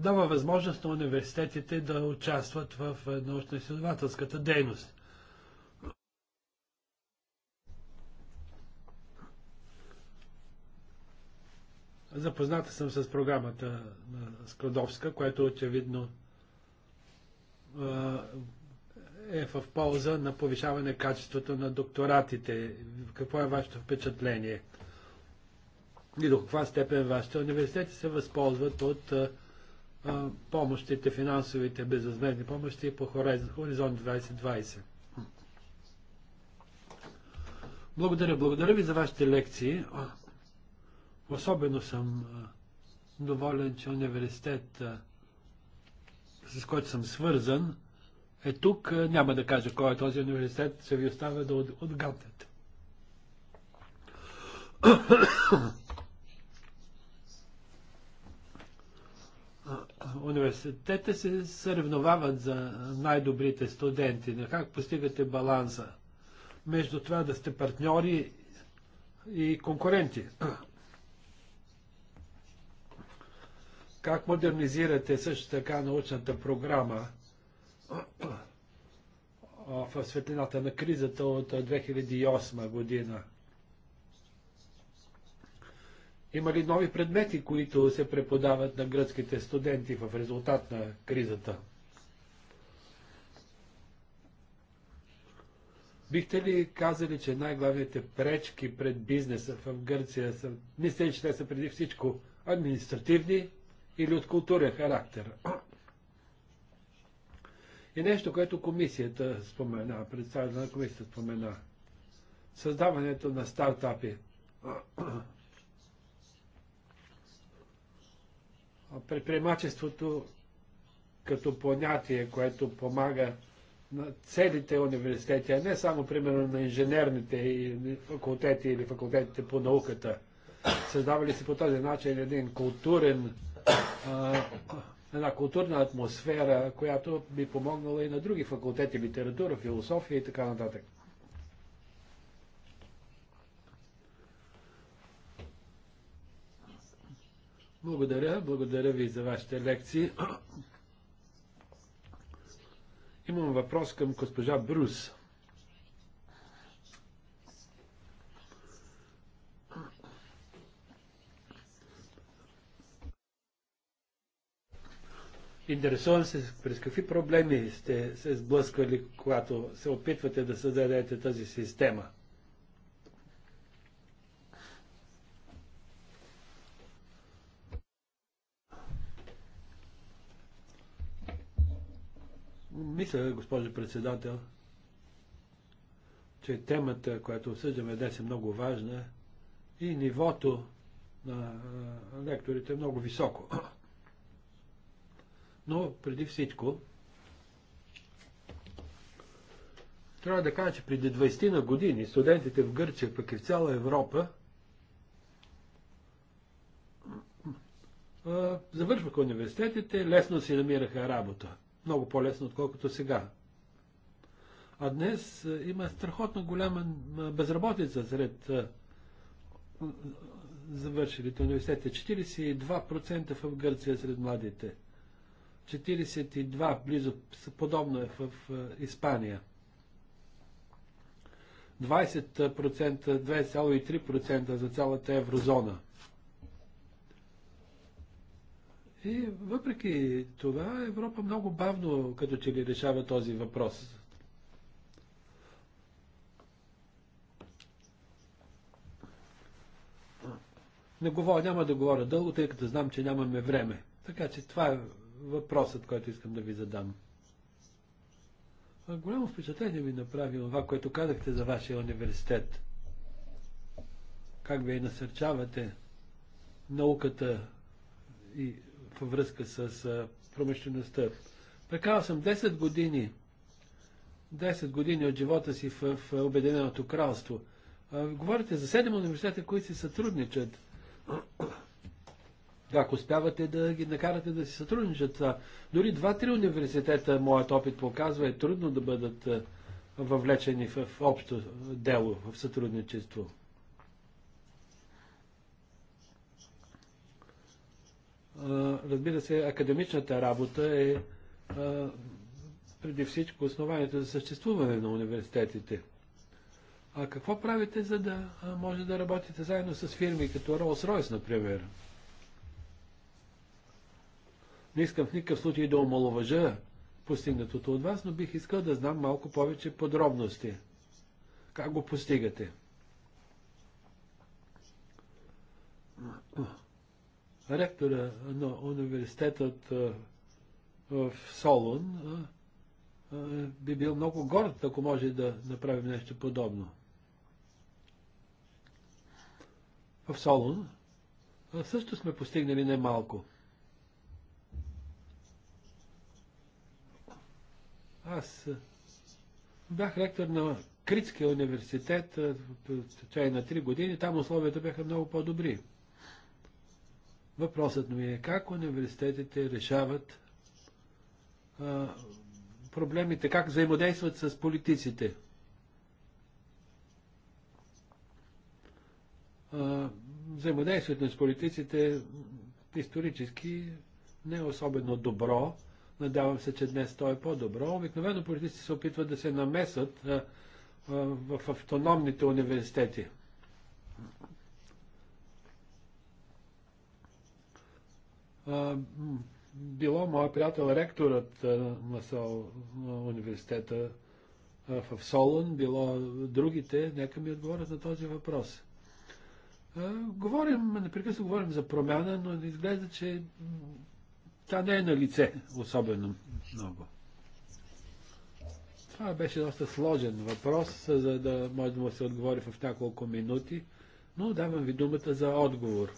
дава възможност на университетите да участват в е, научно-изследователската дейност. Запозната съм с програмата на Складовска, която очевидно е, е в полза на повишаване качеството на докторатите. Какво е вашето впечатление? И до каква степен вашите университети се възползват от е, помощите, финансовите безвъзмезни помощи по Хоризонт 2020. Благодаря, благодаря ви за вашите лекции. Особено съм доволен, че университет, с който съм свързан, е тук. Няма да кажа кой е този университет, ще ви оставя да отгаднете. университета се съревновават за най-добрите студенти. как постигате баланса между това да сте партньори и конкуренти? Как модернизирате също така научната програма в светлината на кризата от 2008 година? Има ли нови предмети, които се преподават на гръцките студенти в резултат на кризата? Бихте ли казали, че най-главните пречки пред бизнеса в Гърция са, мисля, че те са преди всичко административни или от културен характер? И нещо, което комисията спомена, представителя на комисията спомена. Създаването на стартапи. предприемачеството като понятие, което помага на целите университети, а не само, примерно, на инженерните факултети или факултетите по науката. Създава ли се по този начин един културен, а, една културна атмосфера, която би помогнала и на други факултети, литература, философия и така нататък. Благодаря, благодаря ви за вашите лекции. Имам въпрос към госпожа Брус. Интересувам се през какви проблеми сте се сблъсквали, когато се опитвате да създадете тази система – Мисля, госпожо председател, че темата, която обсъждаме днес е много важна и нивото на лекторите е много високо. Но преди всичко, трябва да кажа, че преди 20 на години студентите в Гърция, пък и в цяла Европа, завършваха университетите, лесно си намираха работа много по-лесно, отколкото сега. А днес е, има страхотно голяма безработица сред е, завършилите университета. 42% в Гърция сред младите. 42% близо, подобно е в е, Испания. 20%, 2,3% за цялата еврозона – И въпреки това Европа много бавно като че ли решава този въпрос. Не говоря, няма да говоря дълго, тъй като знам, че нямаме време. Така че това е въпросът, който искам да ви задам. Голямо впечатление ми направи това, което казахте за вашия университет. Как ви насърчавате науката и във връзка с промишлеността. Прекарал съм 10 години, 10 години от живота си в, в Обединеното кралство. А, говорите за 7 университета, които си сътрудничат. Ако успявате да ги накарате да си сътрудничат, а, дори 2-3 университета, моят опит показва, е трудно да бъдат въвлечени в общо дело, в сътрудничество. разбира се, академичната работа е преди всичко основанието за съществуване на университетите. А какво правите, за да може да работите заедно с фирми като Rolls-Royce, например? Не искам в никакъв случай да омалуважа постигнатото от вас, но бих искал да знам малко повече подробности. Как го постигате? ректора на университетът в Солун би бил много горд, ако може да направим нещо подобно. В Солун също сме постигнали немалко. Аз бях ректор на Критския университет в течение на 3 години. Там условията бяха много по-добри. Въпросът ми е как университетите решават а, проблемите, как взаимодействат с политиците. А, взаимодействието с политиците исторически не е особено добро. Надявам се, че днес то е по-добро. Обикновено политиците се опитват да се намесат а, а, в автономните университети. било моят приятел ректорът на сол, университета в Солон, било другите, нека ми отговорят на този въпрос. Говорим, непрекъснато говорим за промяна, но изглежда, че тя не е на лице особено много. Това беше доста сложен въпрос, за да може да му се отговори в няколко минути, но давам ви думата за отговор.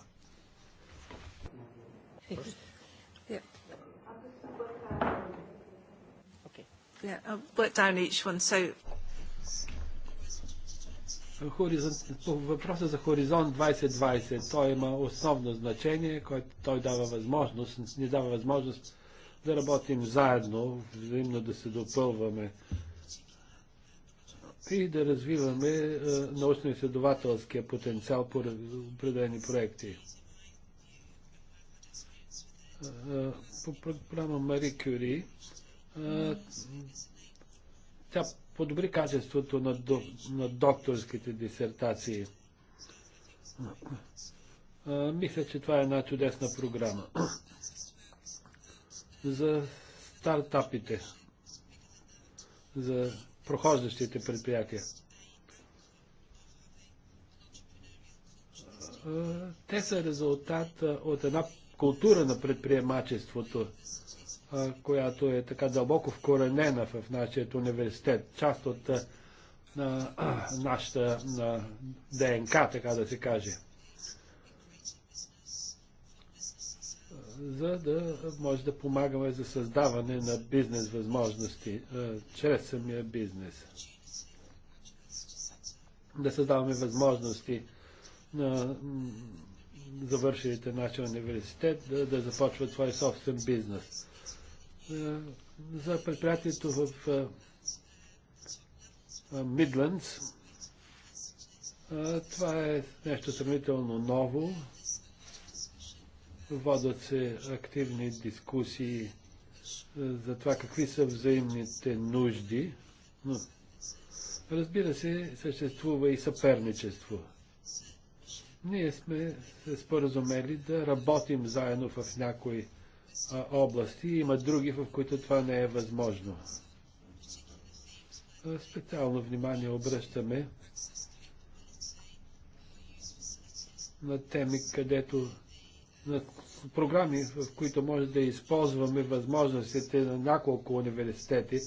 По въпроса за Хоризонт 2020, той има основно значение, което той дава възможност, ни дава възможност да работим заедно, взаимно да се допълваме и да развиваме е, научно-изследователския потенциал по определени проекти по програма Мари Кюри. Тя подобри качеството на, на докторските дисертации. Мисля, че това е една чудесна програма за стартапите, за прохождащите предприятия. Те са резултат от една култура на предприемачеството, която е така дълбоко вкоренена в нашия университет, част от на, [clears throat] нашата на ДНК, така да се каже. за да може да помагаме за създаване на бизнес възможности е, чрез самия бизнес. Да създаваме възможности на завършилите нашия университет да, да започват свой собствен бизнес. Е, за предприятието в е, е, Мидлендс това е нещо сравнително ново. Водят се активни дискусии за това какви са взаимните нужди. Но, разбира се, съществува и съперничество – ние сме се споразумели да работим заедно в някои а, области. Има други, в които това не е възможно. А, специално внимание обръщаме на теми, където на програми, в които може да използваме възможностите на няколко университети,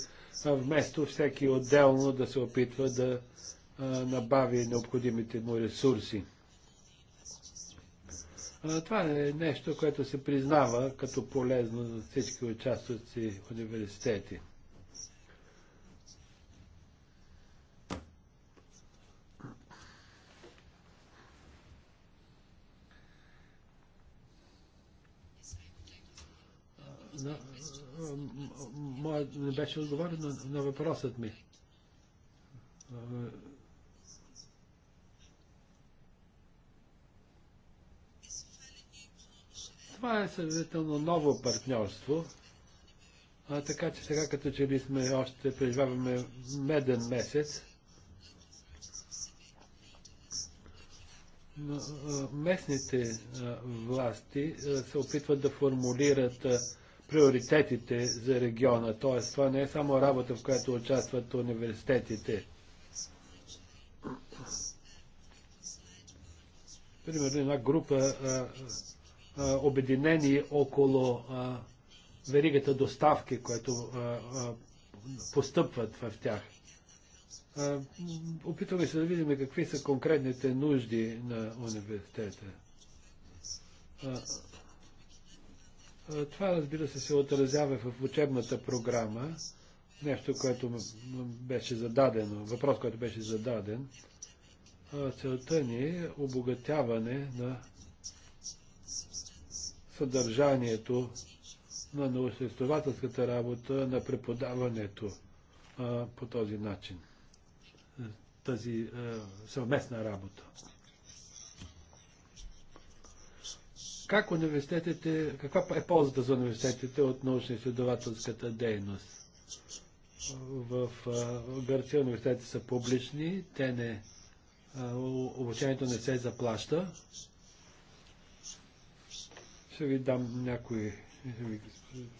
вместо всеки отделно да се опитва да а, набави необходимите му ресурси. Това е нещо, което се признава като полезно за всички участници в университети. на, моят, не беше отговорено на, на въпросът ми. Това е съвнително ново партньорство, а, така че сега като че ли сме още преживяваме меден месец. Но, а, местните а, власти а, се опитват да формулират а, приоритетите за региона. Т.е. това не е само работа, в която участват университетите. Примерно една група а, обединени около веригата доставки, което постъпват в тях. Опитваме се да видим какви са конкретните нужди на университета. Това, разбира се, се отразява в учебната програма, нещо, което беше зададено, въпрос, който беше зададен. Целта ни е обогатяване на съдържанието на научно-изследователската работа, на преподаването а, по този начин. Тази а, съвместна работа. Как университетите, каква е ползата за университетите от научно-изследователската дейност? В Гърция университетите са публични, те не, обучението не се заплаща, ще ви дам някои, ще ви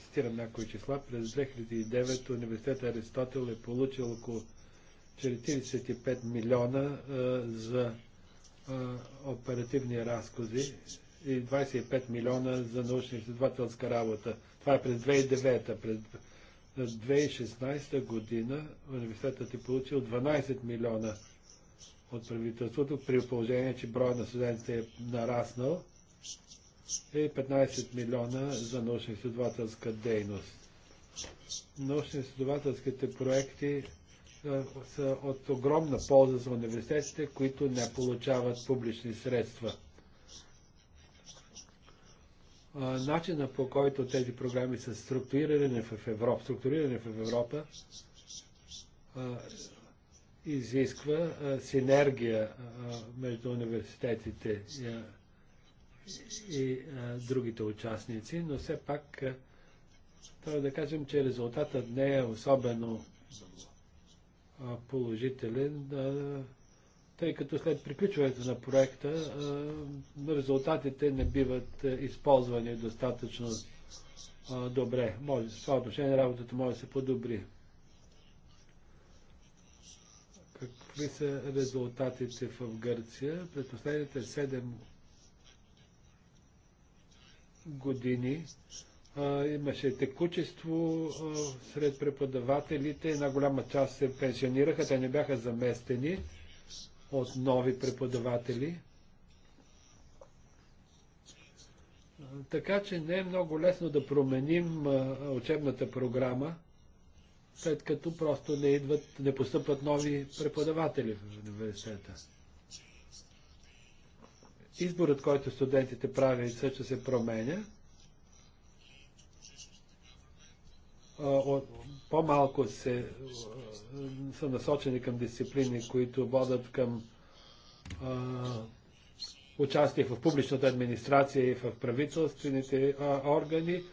цитирам някои числа. През 2009 университет Аристотел е получил около 45 милиона а, за а, оперативни разходи и 25 милиона за научно-изследователска работа. Това е през 2009. През 2016 година университетът е получил 12 милиона от правителството, при положение, че броя на студентите е нараснал и е, 15 милиона за научно-изследователска дейност. Научно-изследователските проекти е, са от огромна полза за университетите, които не получават публични средства. начина по който тези програми са структурирани в Европа, структурирани в Европа изисква синергия между университетите и а, е, другите участници, но все пак е, трябва да кажем, че резултатът не е особено а, положителен, а, тъй като след приключването на проекта а, резултатите не биват е, използвани достатъчно а, добре. Може, в това отношение работата може да се подобри. Какви са резултатите в Гърция? През последните 7 години а, имаше текучество а, сред преподавателите. Една голяма част се пенсионираха, те не бяха заместени от нови преподаватели. Така че не е много лесно да променим а, учебната програма, след като просто не идват, не постъпват нови преподаватели в университета изборът, който студентите правят, също се променя. По-малко се, са насочени към дисциплини, които водат към а, участие в публичната администрация и в правителствените а, органи.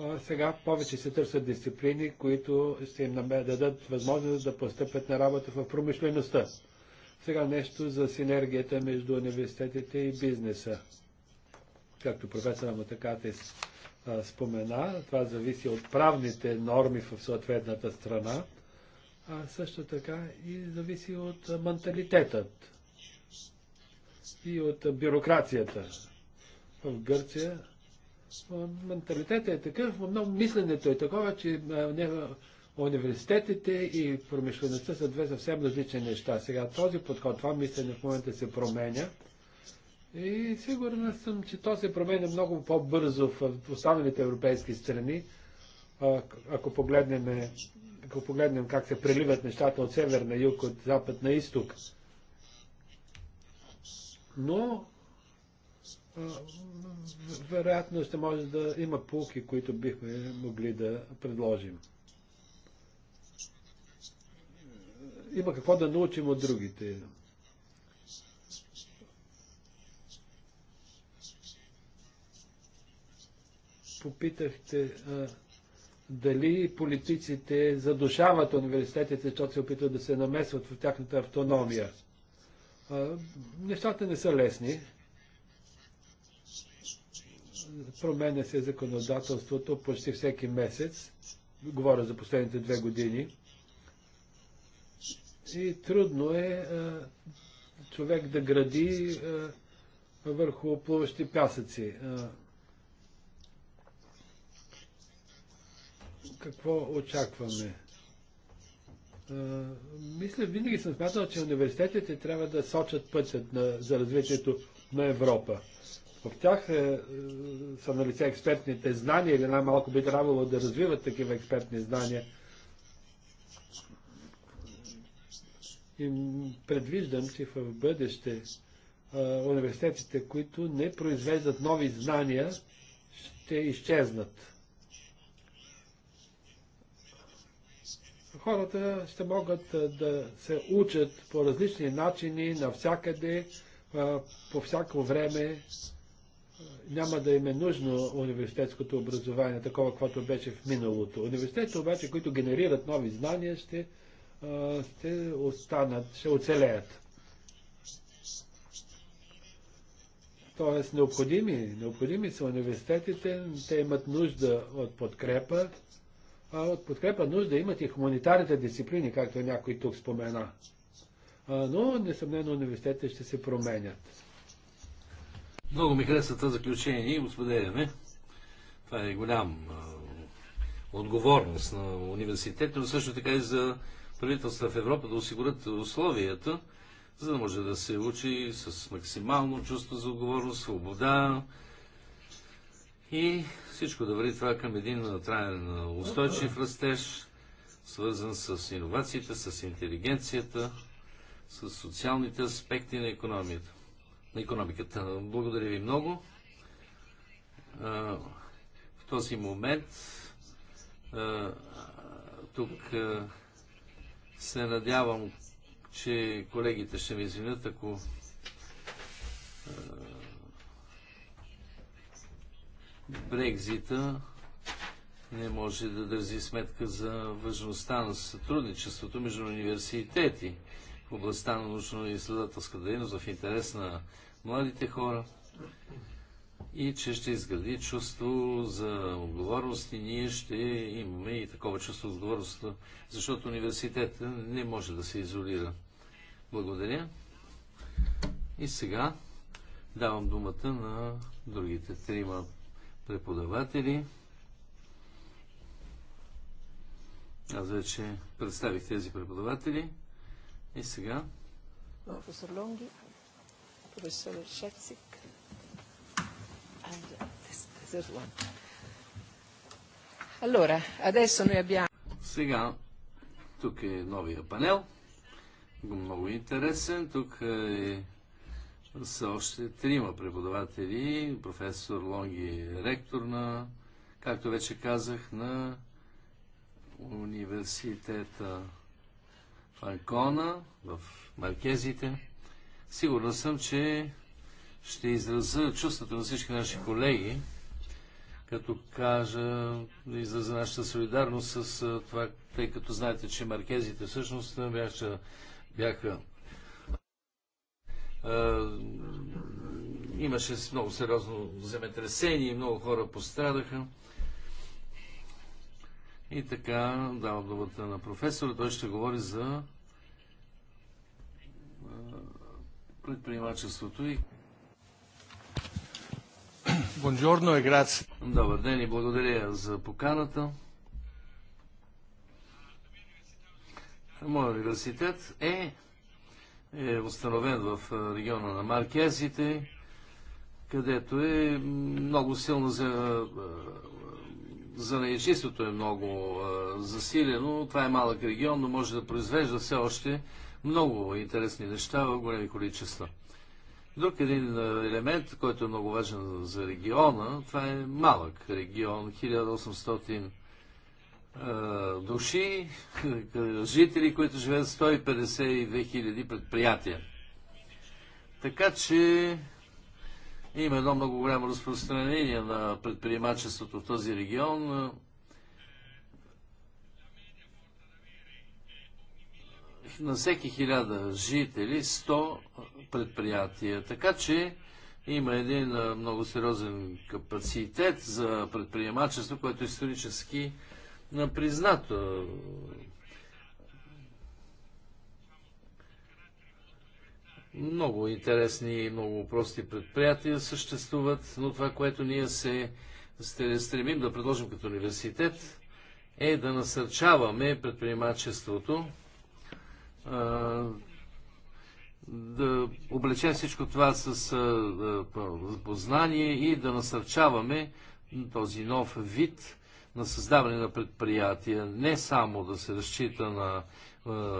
А, сега повече се търсят дисциплини, които ще им дадат възможност да постъпят на работа в промишлеността. Сега нещо за синергията между университетите и бизнеса. Както професор Матакатис спомена, това зависи от правните норми в съответната страна, а също така и зависи от менталитетът и от бюрокрацията. В Гърция менталитетът е такъв, но мисленето е такова, че университетите и промишлеността са две съвсем различни неща. Сега този подход, това мислене в момента се променя. И сигурна съм, че то се променя много по-бързо в останалите европейски страни. Ако погледнем, ако погледнем как се преливат нещата от север на юг, от запад на изток. Но вероятно ще може да има полки, които бихме могли да предложим. има какво да научим от другите. Попитахте а, дали политиците задушават университетите, защото се опитват да се намесват в тяхната автономия. А, нещата не са лесни. Променя се законодателството почти всеки месец. Говоря за последните две години и трудно е а, е, човек да гради а, е, върху плуващи пясъци. А, е, какво очакваме? А, мисля, винаги съм смятал, че университетите трябва да сочат пътят на, за развитието на Европа. В тях е, е са налице експертните знания или най-малко би трябвало да развиват такива експертни знания – И предвиждам, че в бъдеще а, университетите, които не произвеждат нови знания, ще изчезнат. Хората ще могат да се учат по различни начини, навсякъде, по всяко време. Няма да им е нужно университетското образование, такова, което беше в миналото. Университетите обаче, които генерират нови знания, ще ще останат, ще оцелеят. Тоест, необходими, необходими са университетите, те имат нужда от подкрепа, а от подкрепа нужда имат и хуманитарните дисциплини, както някой тук спомена. Но, несъмнено, университетите ще се променят. Много ми хареса това заключение и го споделяме. Това е голям а, отговорност на университета, но също така и за правителства в Европа да осигурят условията, за да може да се учи с максимално чувство за отговорност, свобода и всичко да върви това към един траен устойчив растеж, свързан с иновациите, с интелигенцията, с социалните аспекти на економията. На економиката. Благодаря ви много. В този момент тук се надявам, че колегите ще ме извинят, ако е, Брекзита не може да държи сметка за важността на сътрудничеството между университети в областта на научно-изследователска дейност в интерес на младите хора и че ще изгради чувство за отговорност и ние ще имаме и такова чувство за отговорност, защото университета не може да се изолира. Благодаря. И сега давам думата на другите трима преподаватели. Аз вече представих тези преподаватели. И сега. Професор Лонги, професор Шацик Allora, adesso noi abbiamo... Сега, тук е новия панел. Много интересен. Тук е, са още трима преподаватели. Професор Лонги е ректор на, както вече казах, на университета в Анкона, в Маркезите. Сигурна съм, че ще изразя чувствата на всички наши колеги, като кажа, да изразя нашата солидарност с това, тъй като знаете, че маркезите всъщност бяха, бяха имаше много сериозно земетресение, много хора пострадаха. И така давам думата на професора. Той ще говори за предприемачеството и Бонжорно [coughs] e grazie. Добър ден и благодаря за поканата. Моят университет е, е установен в е, региона на Маркезите, където е много силно за, е, занаячеството е много е, засилено. Това е малък регион, но може да произвежда все още много интересни неща в големи количества. Друг един елемент, който е много важен за региона, това е малък регион, 1800 души, [laughs] жители, които живеят 152 хиляди предприятия. Така че има едно много голямо разпространение на предприемачеството в този регион. на всеки хиляда жители 100 предприятия. Така че има един много сериозен капацитет за предприемачество, което е исторически признато. Много интересни и много прости предприятия съществуват, но това, което ние се стремим да предложим като университет, е да насърчаваме предприемачеството да облечем всичко това с познание и да насърчаваме този нов вид на създаване на предприятия. Не само да се разчита на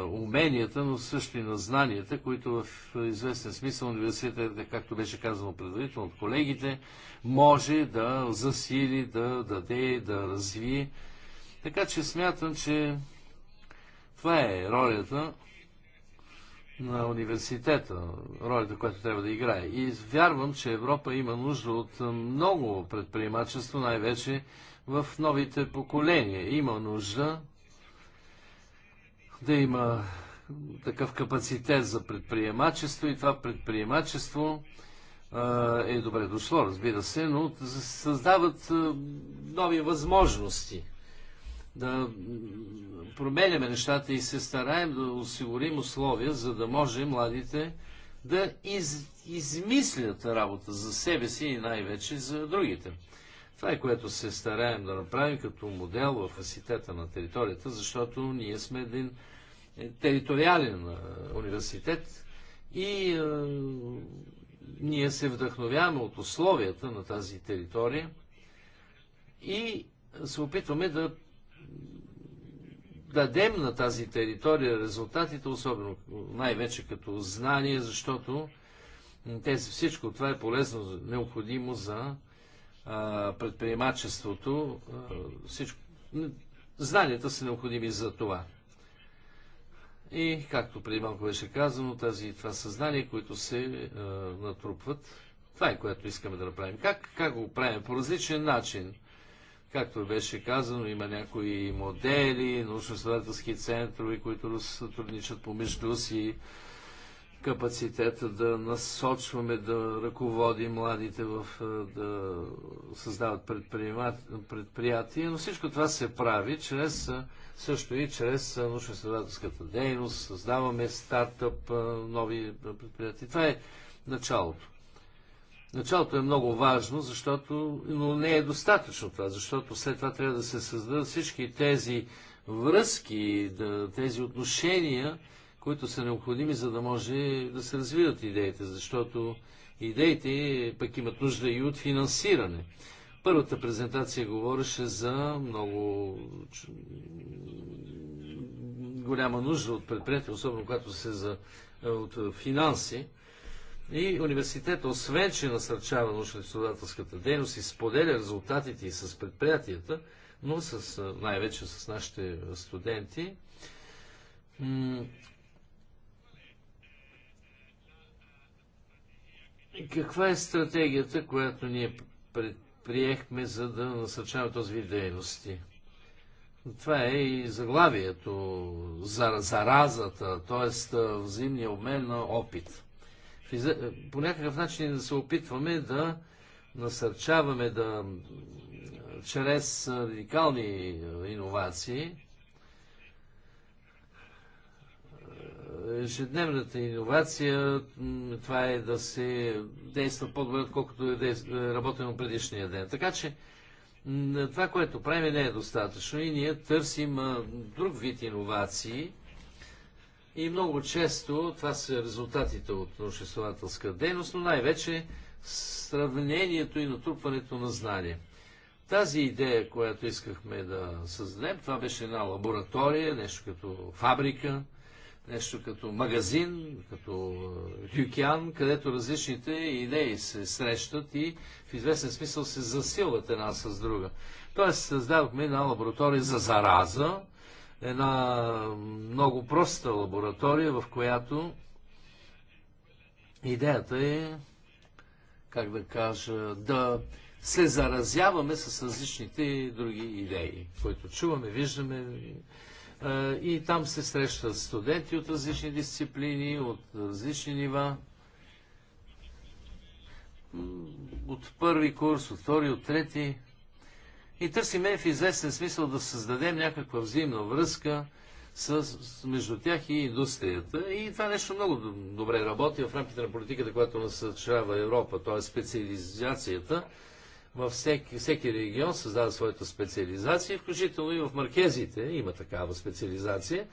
уменията, но също и на знанията, които в известен смисъл университета, както беше казано предварително от колегите, може да засили, да даде, да развие. Така че смятам, че това е ролята на университета, ролята, която трябва да играе. И вярвам, че Европа има нужда от много предприемачество, най-вече в новите поколения. Има нужда да има такъв капацитет за предприемачество и това предприемачество е добре дошло, разбира се, но създават нови възможности да променяме нещата и се стараем да осигурим условия, за да може младите да из, измислят работа за себе си и най-вече за другите. Това е което се стараем да направим като модел в университета на територията, защото ние сме един териториален университет и е, ние се вдъхновяваме от условията на тази територия и се опитваме да дадем на тази територия резултатите, особено най-вече като знание, защото тези, всичко това е полезно, необходимо за а, предприемачеството. А, всичко. Знанията са необходими за това. И, както преди малко беше казано, тази, това съзнание, които се а, натрупват, това е което искаме да направим. Как, как го правим? По различен начин – Както беше казано, има някои модели, научно-изследователски центрове, които сътрудничат помежду си капацитета да насочваме, да ръководим младите в, е, да създават предприятия, но всичко това се прави чрез, е, също и чрез е, научно-изследователската дейност, създаваме стартъп, нови предприятия. Това е началото. Началото е много важно, защото, но не е достатъчно това, защото след това трябва да се създадат всички тези връзки, да, тези отношения, които са необходими, за да може да се развиват идеите, защото идеите пък имат нужда и от финансиране. Първата презентация говореше за много голяма нужда от предприятия, особено когато се за от финанси. И университета, освен че насърчава научно-изследователската дейност и споделя резултатите и с предприятията, но с, най-вече с нашите студенти, каква е стратегията, която ние предприехме, за да насърчаваме този вид дейности? Това е и заглавието, за, заразата, т.е. взаимния обмен на опит. Е, по някакъв начин да се опитваме да насърчаваме да чрез радикални иновации ежедневната иновация, това е да се действа по-добре, отколкото е, е работено предишния ден. Така че това, което правим, не е достатъчно и ние търсим друг вид иновации – и много често това са резултатите от научно-изследователска дейност, но най-вече сравнението и натрупването на знания. Тази идея, която искахме да създадем, това беше една лаборатория, нещо като фабрика, нещо като магазин, като дюкян, е, където различните идеи се срещат и в известен смисъл се засилват една с друга. Тоест създадохме една лаборатория за зараза, една много проста лаборатория, в която идеята е, как да кажа, да се заразяваме с различните други идеи, които чуваме, виждаме. Е, и там се срещат студенти от различни дисциплини, от различни нива. От първи курс, от втори, от трети. И търсиме в известен смисъл да създадем някаква взаимна връзка с, между тях и индустрията. И това нещо много добре работи в рамките на политиката, която насърчава Европа, т.е. специализацията. Във всеки, всеки регион създава своята специализация, включително и в маркезите има такава специализация.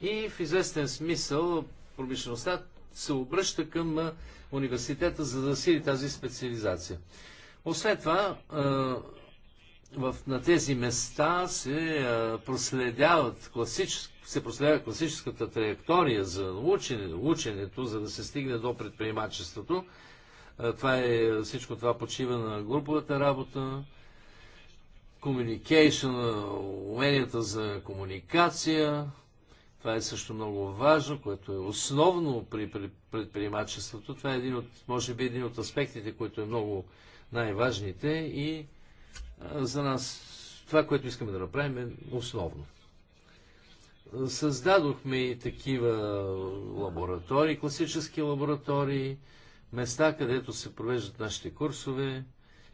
И в известен смисъл промишлеността се обръща към университета, за да засили тази специализация. Освен това, в, на тези места се проследяват се проследява класическата траектория за учене, ученето, за да се стигне до предприемачеството. това е, всичко това почива на груповата работа, communication, уменията за комуникация. Това е също много важно, което е основно при предприемачеството. Това е един от, може би един от аспектите, които е много най-важните и за нас това, което искаме да направим е основно. Създадохме и такива лаборатории, класически лаборатории, места, където се провеждат нашите курсове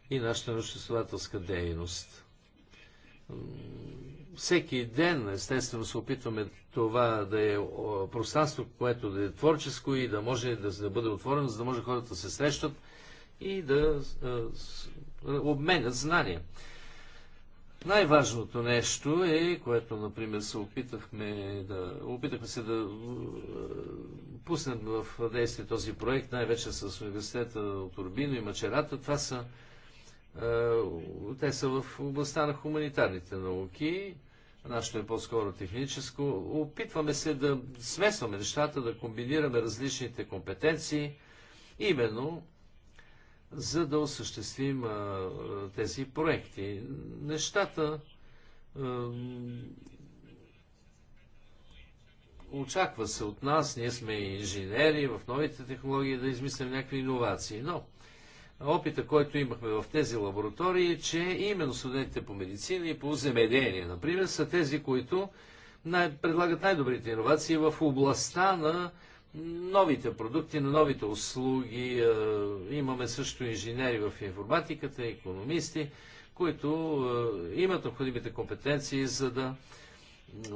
и нашата научно-изследователска дейност. Всеки ден, естествено, се опитваме това да е пространство, което да е творческо и да може да, да бъде отворено, за да може хората да се срещат и да обменят знания. Най-важното нещо е, което, например, се опитахме да, опитахме се да е, пуснем в действие този проект, най-вече с университета от Урбино и Мачерата. Това са, е, те са в областта на хуманитарните науки. Нашето е по-скоро техническо. Опитваме се да смесваме нещата, да комбинираме различните компетенции, именно за да осъществим а, тези проекти. Нещата а, очаква се от нас, ние сме инженери в новите технологии да измислим някакви иновации, но опита, който имахме в тези лаборатории, е, че именно студентите по медицина и по земеделие, например, са тези, които най- предлагат най-добрите иновации в областта на новите продукти, на новите услуги. Е, имаме също инженери в информатиката, економисти, които е, имат необходимите компетенции, за да,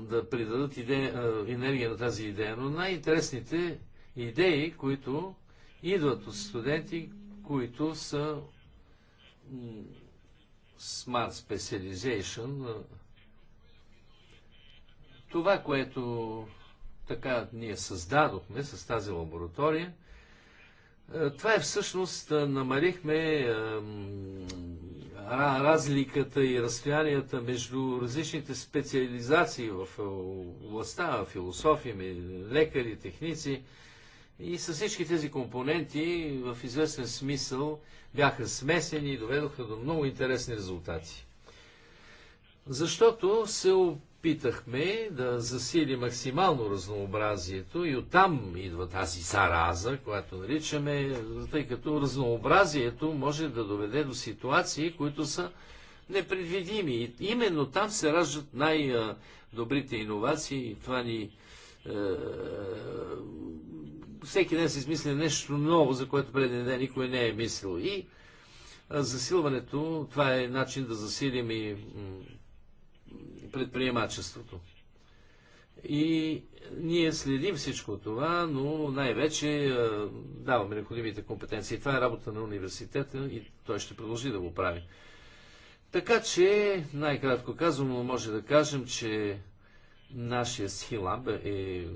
да придадат идея, е, енергия на тази идея. Но най-интересните идеи, които идват от студенти, които са Smart Specialization, това, което така ние създадохме с тази лаборатория, е, това е всъщност, е, намалихме разликата и разстоянията между различните специализации в е, областта, философи, лекари, техници. И с всички тези компоненти в известен смисъл бяха смесени и доведоха до много интересни резултати. Защото се опитахме да засили максимално разнообразието и оттам идва тази зараза, която наричаме, тъй като разнообразието може да доведе до ситуации, които са непредвидими. И именно там се раждат най-добрите иновации и това ни е, всеки ден се измисля нещо ново, за което преди ден никой не е мислил. И засилването, това е начин да засилим и предприемачеството. И ние следим всичко това, но най-вече даваме необходимите компетенции. Това е работа на университета и той ще продължи да го прави. Така че, най-кратко казвам, може да кажем, че нашия Схилаб е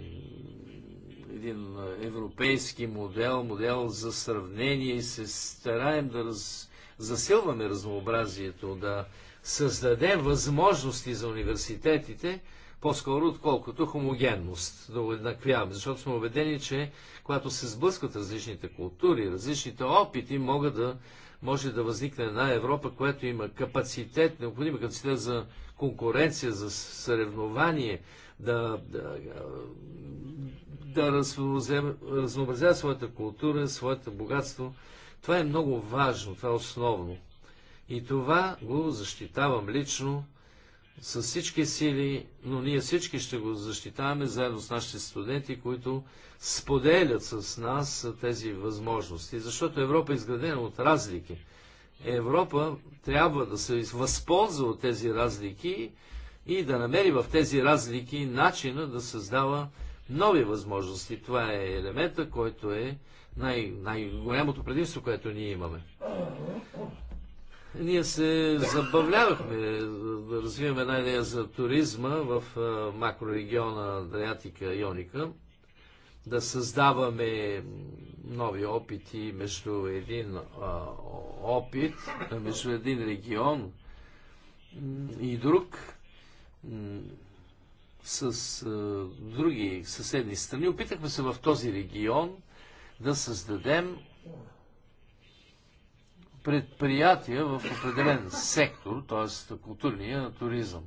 един европейски модел, модел за сравнение и се стараем да раз... засилваме разнообразието, да създаде възможности за университетите, по-скоро отколкото хомогенност, да уеднаквяваме. Защото сме убедени, че когато се сблъскват различните култури, различните опити, могат да, може да възникне една Европа, която има капацитет, необходима капацитет за конкуренция, за съревнование, да, да, да разнообразява своята култура, своето богатство. Това е много важно, това е основно. И това го защитавам лично с всички сили, но ние всички ще го защитаваме заедно с нашите студенти, които споделят с нас тези възможности, защото Европа е изградена от разлики. Европа трябва да се възползва от тези разлики и да намери в тези разлики начина да създава нови възможности. Това е елемента, който е най- най-голямото предимство, което ние имаме. Ние се забавлявахме да развиваме една идея за туризма в макрорегиона Адриатика Оника, да създаваме нови опити между един а, опит, между един регион и друг с а, други съседни страни. Опитахме се в този регион да създадем предприятия в определен сектор, т.е. културния на туризъм.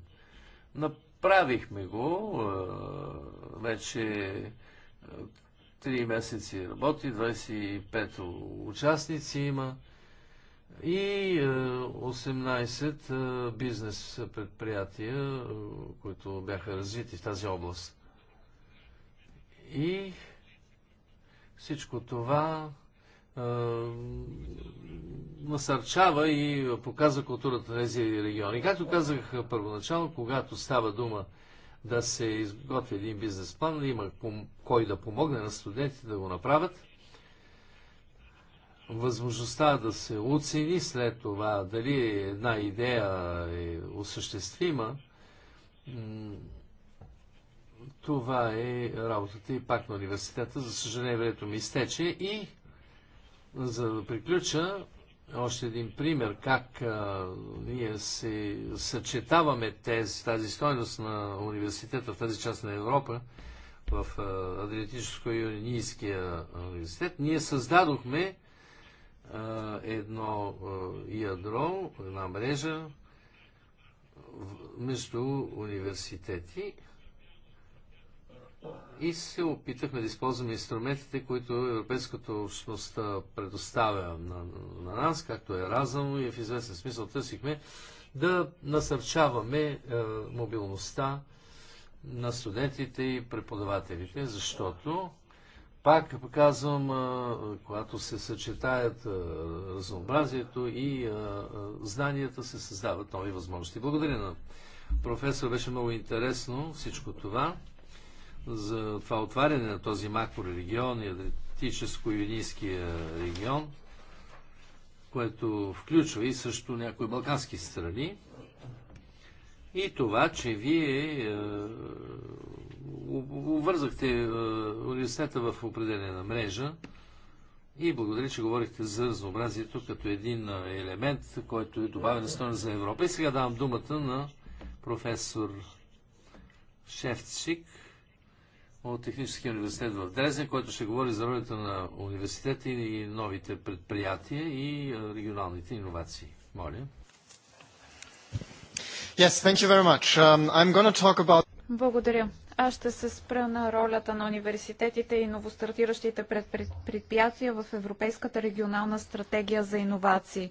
Направихме го, вече 3 месеци работи, 25 участници има и 18 бизнес предприятия, които бяха развити в тази област. И всичко това насърчава и показва културата на тези региони. Както казах първоначално, когато става дума да се изготви един бизнес план, да има кой да помогне на студентите да го направят. Възможността да се оцени след това дали една идея е осъществима, това е работата и пак на университета. За съжаление, времето ми изтече и за да приключа, още един пример как а, ние се съчетаваме тези, тази стойност на университета в тази част на Европа, в Адриатическо-Юнийския университет, ние създадохме а, едно а, ядро, една мрежа между университети, и се опитахме да използваме инструментите, които Европейската общност предоставя на, на нас, както е разъм и в известен смисъл търсихме да насърчаваме е, мобилността на студентите и преподавателите, защото, пак казвам, е, когато се съчетаят е, разнообразието и е, е знанията, се създават нови възможности. Благодаря на професор, беше много интересно всичко това за това отваряне на този макрорегион, и адретическо юнийския регион, което включва и също някои балкански страни. И това, че вие обвързахте увързахте е, университета в определена мрежа и благодаря, че говорихте за разнообразието като един е, елемент, който е добавен стойност за Европа. И сега давам думата на професор Шефчик, от Техническия университет в Дрезен, който ще говори за ролята на университета и новите предприятия и регионалните иновации. Моля. Yes, thank you very much. Um, I'm gonna talk about... Благодаря. Аз ще се спра на ролята на университетите и новостартиращите предприятия в Европейската регионална стратегия за иновации.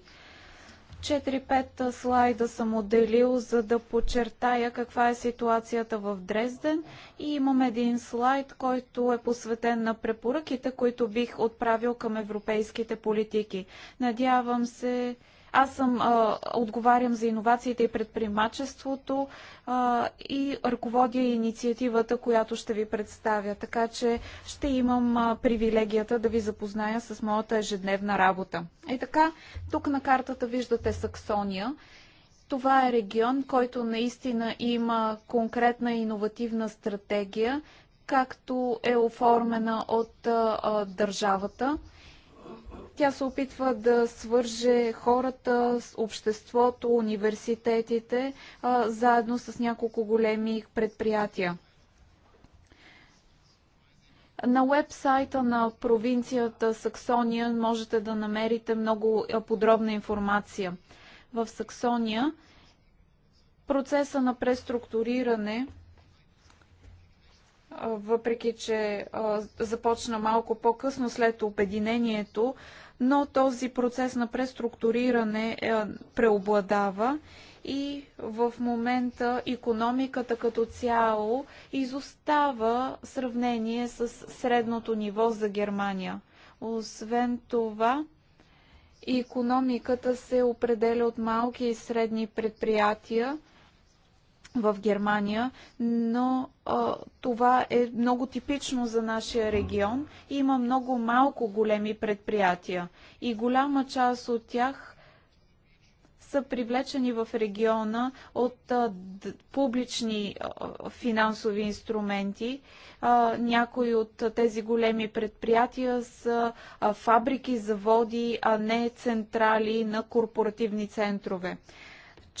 4-5 слайда съм отделил, за да подчертая каква е ситуацията в Дрезден и имам един слайд, който е посветен на препоръките, които бих отправил към европейските политики. Надявам се, аз съм а, отговарям за иновациите и предприемачеството а, и ръководя инициативата, която ще ви представя. Така че ще имам а, привилегията да ви запозная с моята ежедневна работа. И така, тук на картата виждате Саксония. Това е регион, който наистина има конкретна иновативна стратегия, както е оформена от а, държавата. Тя се опитва да свърже хората, обществото, университетите, а, заедно с няколко големи предприятия. На вебсайта на провинцията Саксония можете да намерите много подробна информация. В Саксония процеса на преструктуриране въпреки че започна малко по-късно след обединението, но този процес на преструктуриране е, преобладава и в момента економиката като цяло изостава в сравнение с средното ниво за Германия. Освен това, економиката се определя от малки и средни предприятия, в Германия, но а, това е много типично за нашия регион. Има много малко големи предприятия и голяма част от тях са привлечени в региона от а, д, публични а, финансови инструменти. А, някои от тези големи предприятия са фабрики, заводи, а не централи на корпоративни центрове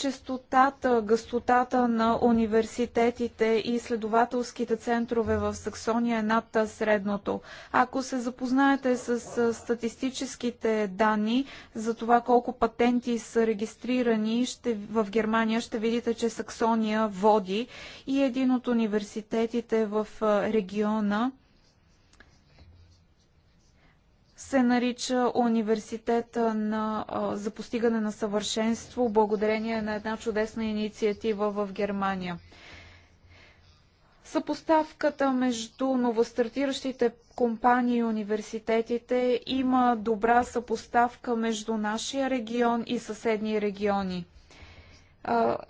честотата, гъстотата на университетите и изследователските центрове в Саксония е над средното. Ако се запознаете с статистическите данни за това колко патенти са регистрирани ще, в Германия, ще видите, че Саксония води и един от университетите в региона се нарича университета на, а, за постигане на съвършенство, благодарение на една чудесна инициатива в Германия. Съпоставката между новостартиращите компании и университетите има добра съпоставка между нашия регион и съседни региони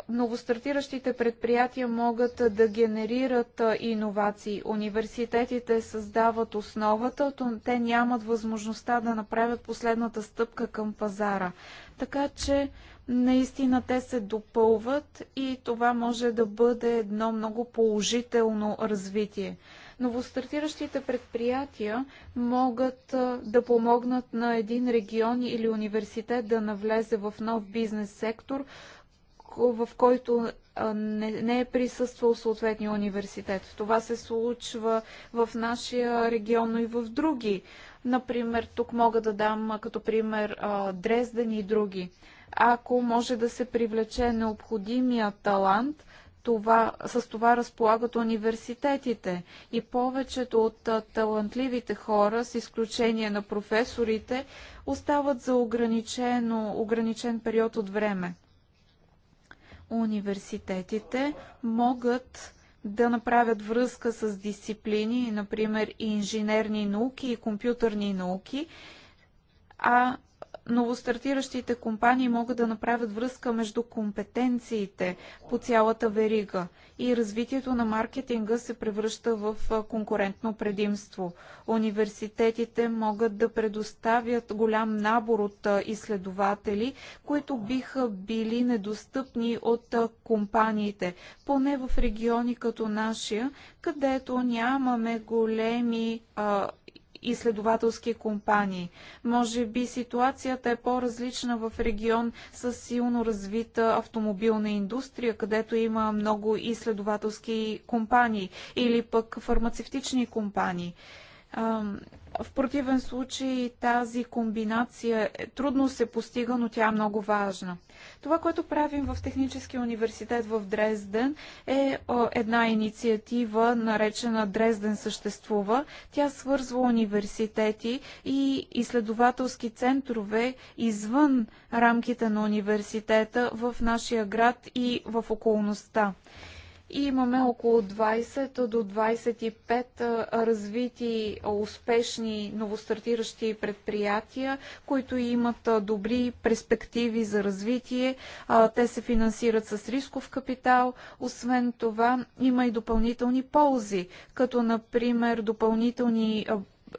новостартиращите предприятия могат да генерират иновации. Университетите създават основата, те нямат възможността да направят последната стъпка към пазара. Така че наистина те се допълват и това може да бъде едно много положително развитие. Новостартиращите предприятия могат да помогнат на един регион или университет да навлезе в нов бизнес сектор, в който не, не е присъствал съответния университет. Това се случва в нашия регион, но и в други. Например, тук мога да дам като пример Дрезден и други. Ако може да се привлече необходимия талант, това, с това разполагат университетите и повечето от талантливите хора, с изключение на професорите, остават за ограничено, ограничен период от време университетите могат да направят връзка с дисциплини, например инженерни науки и компютърни науки, а новостартиращите компании могат да направят връзка между компетенциите по цялата верига и развитието на маркетинга се превръща в конкурентно предимство. Университетите могат да предоставят голям набор от изследователи, които биха били недостъпни от компаниите, поне в региони като нашия, където нямаме големи а, изследователски компании. Може би ситуацията е по-различна в регион с силно развита автомобилна индустрия, където има много изследователски компании или пък фармацевтични компании. В противен случай тази комбинация е, трудно се постига, но тя е много важна. Това, което правим в Техническия университет в Дрезден е една инициатива, наречена Дрезден съществува. Тя свързва университети и изследователски центрове извън рамките на университета в нашия град и в околността и имаме около 20 до 25 развити успешни новостартиращи предприятия, които имат добри перспективи за развитие. Те се финансират с рисков капитал. Освен това, има и допълнителни ползи, като например допълнителни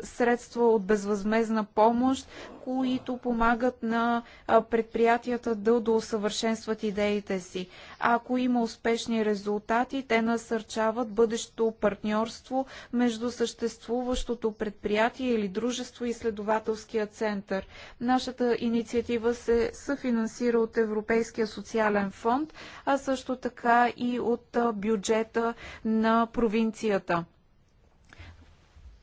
средства от безвъзмезна помощ, които помагат на предприятията да доусъвършенстват идеите си. Ако има успешни резултати, те насърчават бъдещото партньорство между съществуващото предприятие или дружество и изследователския център. Нашата инициатива се съфинансира от Европейския социален фонд, а също така и от бюджета на провинцията.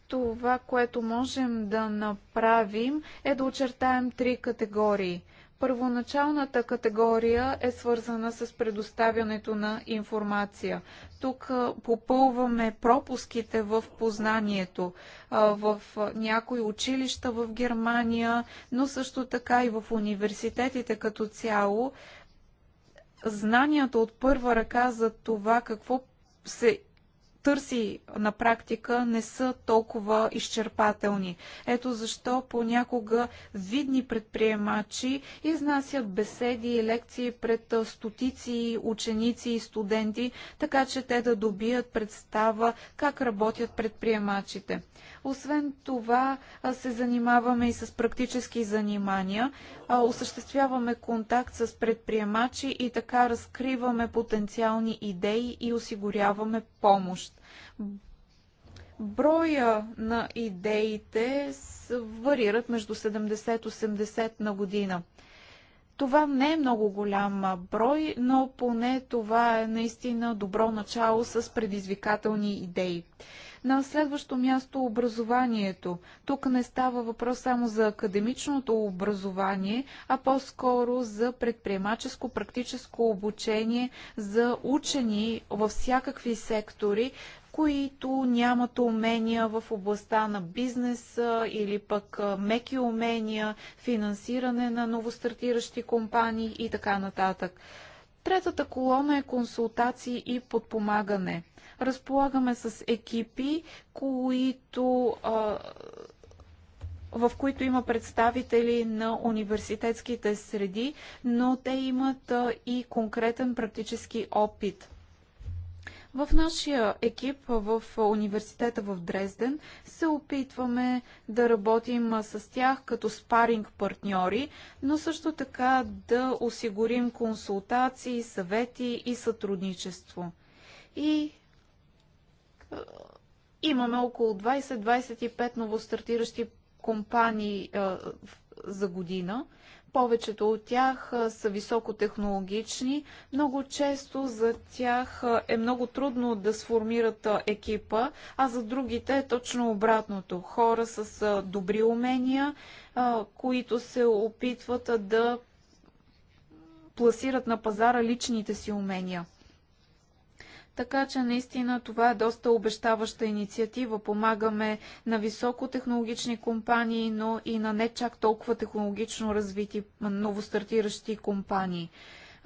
Това, което можем да направим, е да очертаем три категории. Първоначалната категория е свързана с предоставянето на информация. Тук попълваме пропуските в познанието в някои училища в Германия, но също така и в университетите като цяло. Знанията от първа ръка за това какво се търси на практика, не са толкова изчерпателни. Ето защо понякога видни предприемачи изнасят беседи и лекции пред стотици ученици и студенти, така че те да добият представа как работят предприемачите. Освен това, се занимаваме и с практически занимания. Осъществяваме контакт с предприемачи и така разкриваме потенциални идеи и осигуряваме помощ. Броя на идеите варират между 70-80 на година. Това не е много голям брой, но поне това е наистина добро начало с предизвикателни идеи. На следващо място образованието. Тук не става въпрос само за академичното образование, а по-скоро за предприемаческо, практическо обучение за учени във всякакви сектори, които нямат умения в областта на бизнеса или пък меки умения, финансиране на новостартиращи компании и така нататък. Третата колона е консултации и подпомагане. Разполагаме с екипи, които а, в които има представители на университетските среди, но те имат и конкретен практически опит. В нашия екип в университета в Дрезден се опитваме да работим с тях като спаринг партньори, но също така да осигурим консултации, съвети и сътрудничество. И Имаме около 20-25 новостартиращи компании за година. Повечето от тях са високотехнологични. Много често за тях е много трудно да сформират екипа, а за другите е точно обратното. Хора с добри умения, които се опитват да пласират на пазара личните си умения. Така че наистина това е доста обещаваща инициатива. Помагаме на високотехнологични компании, но и на не чак толкова технологично развити новостартиращи компании.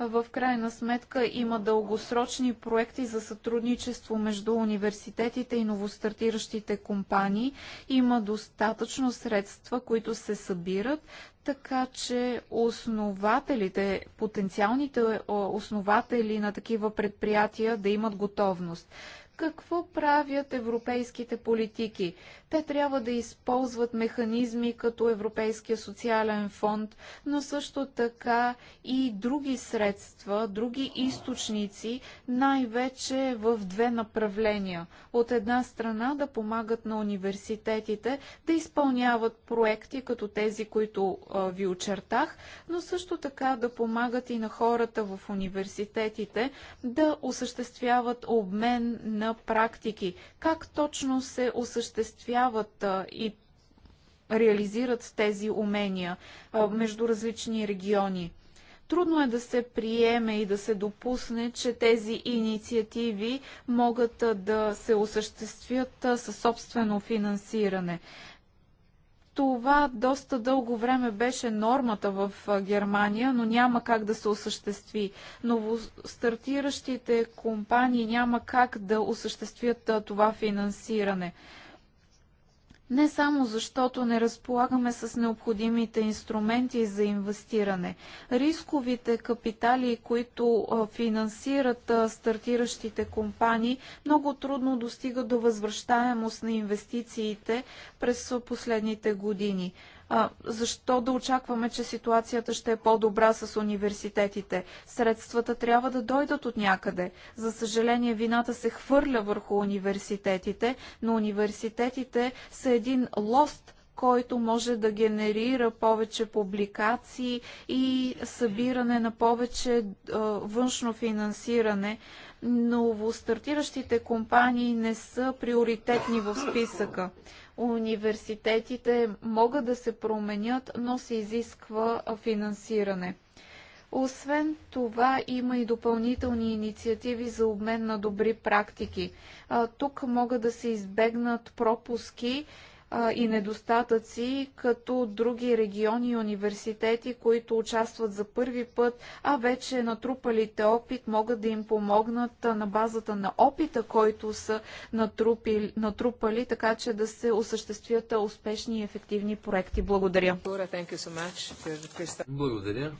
В крайна сметка има дългосрочни проекти за сътрудничество между университетите и новостартиращите компании. Има достатъчно средства, които се събират, така че основателите, потенциалните основатели на такива предприятия да имат готовност какво правят европейските политики? Те трябва да използват механизми като Европейския социален фонд, но също така и други средства, други източници, най-вече в две направления. От една страна да помагат на университетите да изпълняват проекти като тези, които ви очертах, но също така да помагат и на хората в университетите да осъществяват обмен на практики. Как точно се осъществява а, и реализират тези умения между различни региони. Трудно е да се приеме и да се допусне, че тези инициативи могат да се осъществят със собствено финансиране. Това доста дълго време беше нормата в Германия, но няма как да се осъществи. Новостартиращите компании няма как да осъществят това финансиране не само защото не разполагаме с необходимите инструменти за инвестиране. Рисковите капитали, които финансират стартиращите компании, много трудно достигат до възвръщаемост на инвестициите през последните години защо да очакваме, че ситуацията ще е по-добра с университетите? Средствата трябва да дойдат от някъде. За съжаление, вината се хвърля върху университетите, но университетите са един лост който може да генерира повече публикации и събиране на повече а, външно финансиране. Новостартиращите компании не са приоритетни в списъка университетите могат да се променят, но се изисква финансиране. Освен това, има и допълнителни инициативи за обмен на добри практики. Тук могат да се избегнат пропуски и недостатъци, като други региони и университети, които участват за първи път, а вече натрупалите опит могат да им помогнат на базата на опита, който са натрупали, така че да се осъществят успешни и ефективни проекти. Благодаря. Благодаря.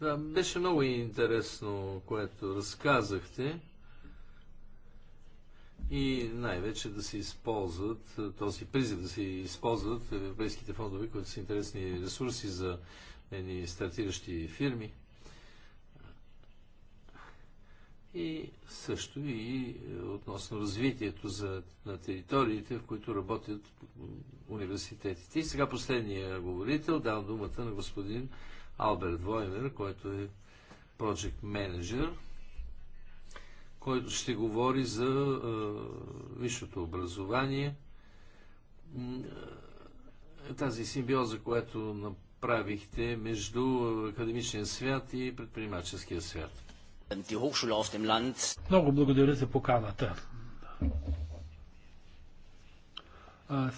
Да, беше много интересно, което разказахте и най-вече да се използват е, този призив, да се използват европейските фондове, които са интересни ресурси за едни стартиращи фирми. И също и е, относно развитието за, на териториите, в които работят университетите. И сега последния говорител, давам думата на господин Алберт Войнер, който е Project Manager който ще говори за висшето образование. Тази симбиоза, която направихте между академичния свят и предприемаческия свят. Много благодаря за поканата.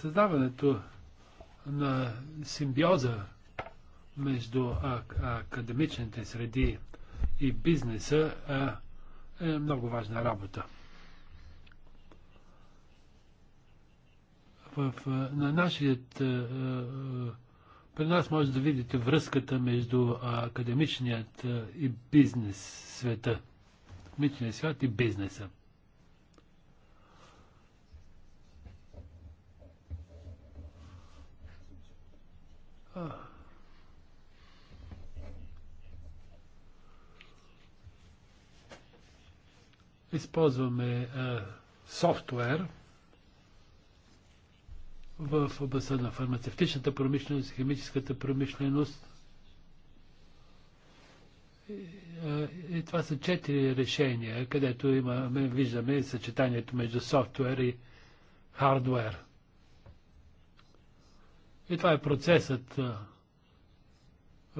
Създаването на симбиоза между академичните среди и бизнеса е много важна работа. В, на нашият, е, е, при нас може да видите връзката между академичният е, и бизнес света. Академичният свят и бизнеса. А, Използваме а, софтуер в областта на фармацевтичната промишленост, химическата промишленост. И, а, и това са четири решения, където имаме, виждаме съчетанието между софтуер и хардуер. И това е процесът,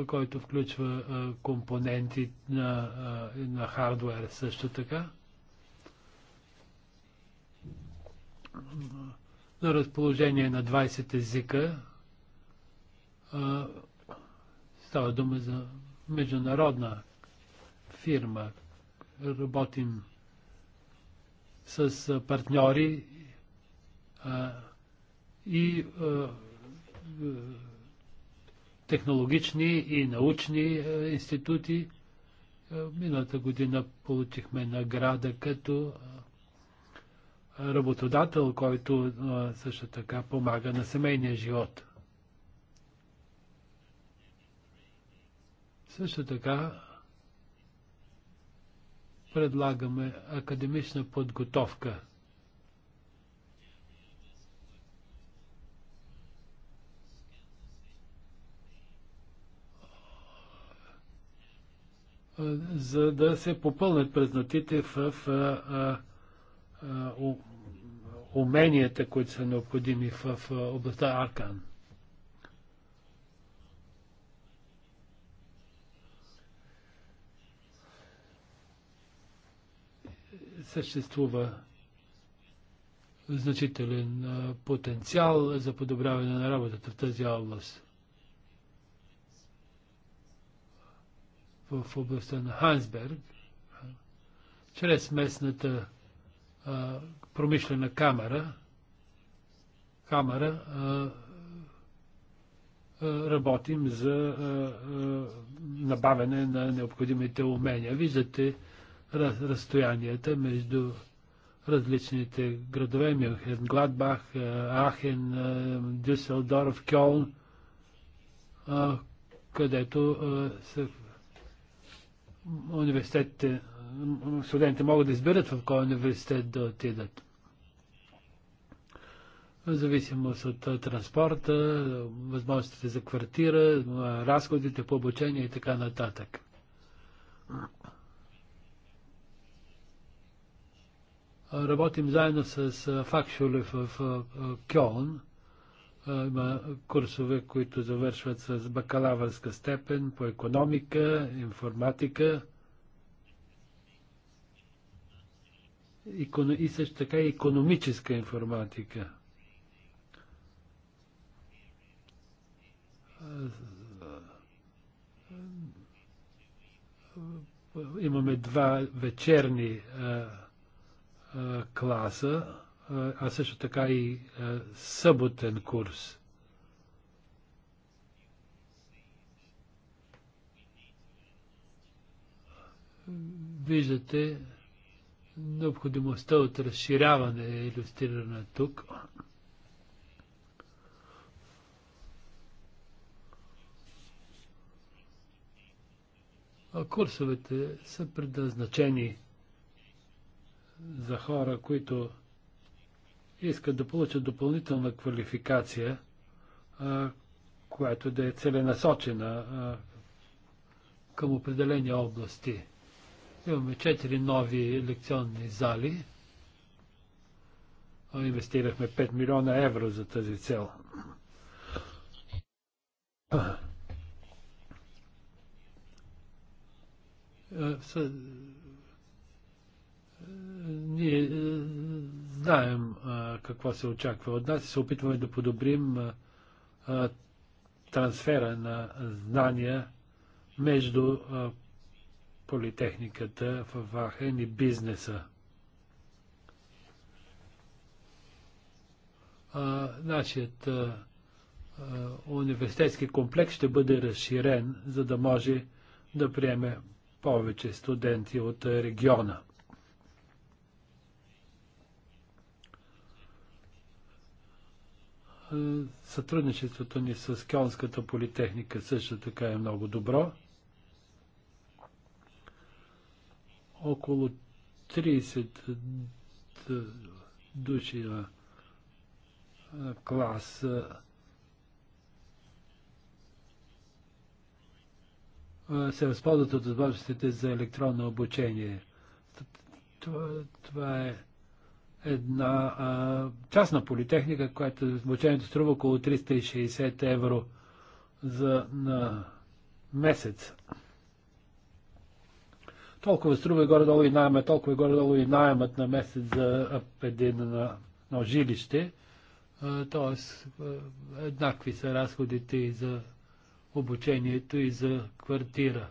който включва компоненти на, на хардуер също така. на разположение на 20 езика. Става дума за международна фирма. Работим с партньори и технологични и научни институти. Миналата година получихме награда като работодател, който също така помага на семейния живот. Също така предлагаме академична подготовка. за да се попълнят празнотите в, в, в, в уменията, които са необходими в, в областта Аркан. Съществува значителен потенциал за подобряване на работата в тази област. В областта на Хансберг, чрез местната промишлена камера, камера а, а, работим за а, набавяне на необходимите умения. Виждате раз, разстоянията между различните градове, Мюнхен, Гладбах, Ахен, Дюселдорф, Кьолн, където са университетите, студентите могат да изберат в кой университет да отидат зависимост от транспорта, възможностите за квартира, разходите по обучение и така нататък. Работим заедно с факшули в Кьолн. Има курсове, които завършват с бакалавърска степен по економика, информатика и също така и економическа информатика. имаме два вечерни класа, а също така и съботен курс. Виждате необходимостта от разширяване е иллюстрирана тук. Курсовете са предназначени за хора, които искат да получат допълнителна квалификация, която да е целенасочена към определени области. Имаме четири нови лекционни зали. Инвестирахме 5 милиона евро за тази цел. Е, е, ние е, знаем какво се очаква от нас и се опитваме да подобрим трансфера на знания между политехниката в Вахен и бизнеса. А, нашият а, университетски комплекс ще бъде разширен, за да може да приеме повече студенти от е, региона. Е, сътрудничеството ни с Кьонската политехника също така е много добро. Около 30 е, души клас се възползват от възможностите за електронно обучение. Това, това е една а, частна политехника, която обучението струва около 360 евро за, на месец. Толкова струва горе-долу и найема, толкова горе-долу и найемат на месец за един на, на жилище. Тоест, еднакви са разходите и за обучението и за квартира.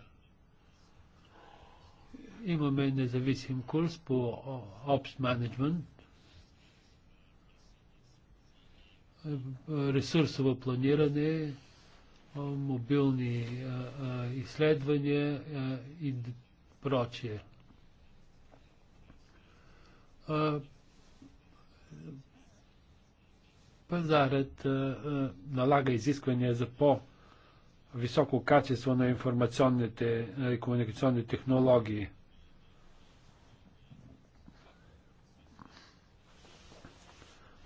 Имаме независим курс по общ менеджмент, ресурсово планиране, мобилни изследвания и прочие. Пазарът налага изисквания за по- високо качество на информационните и комуникационни технологии.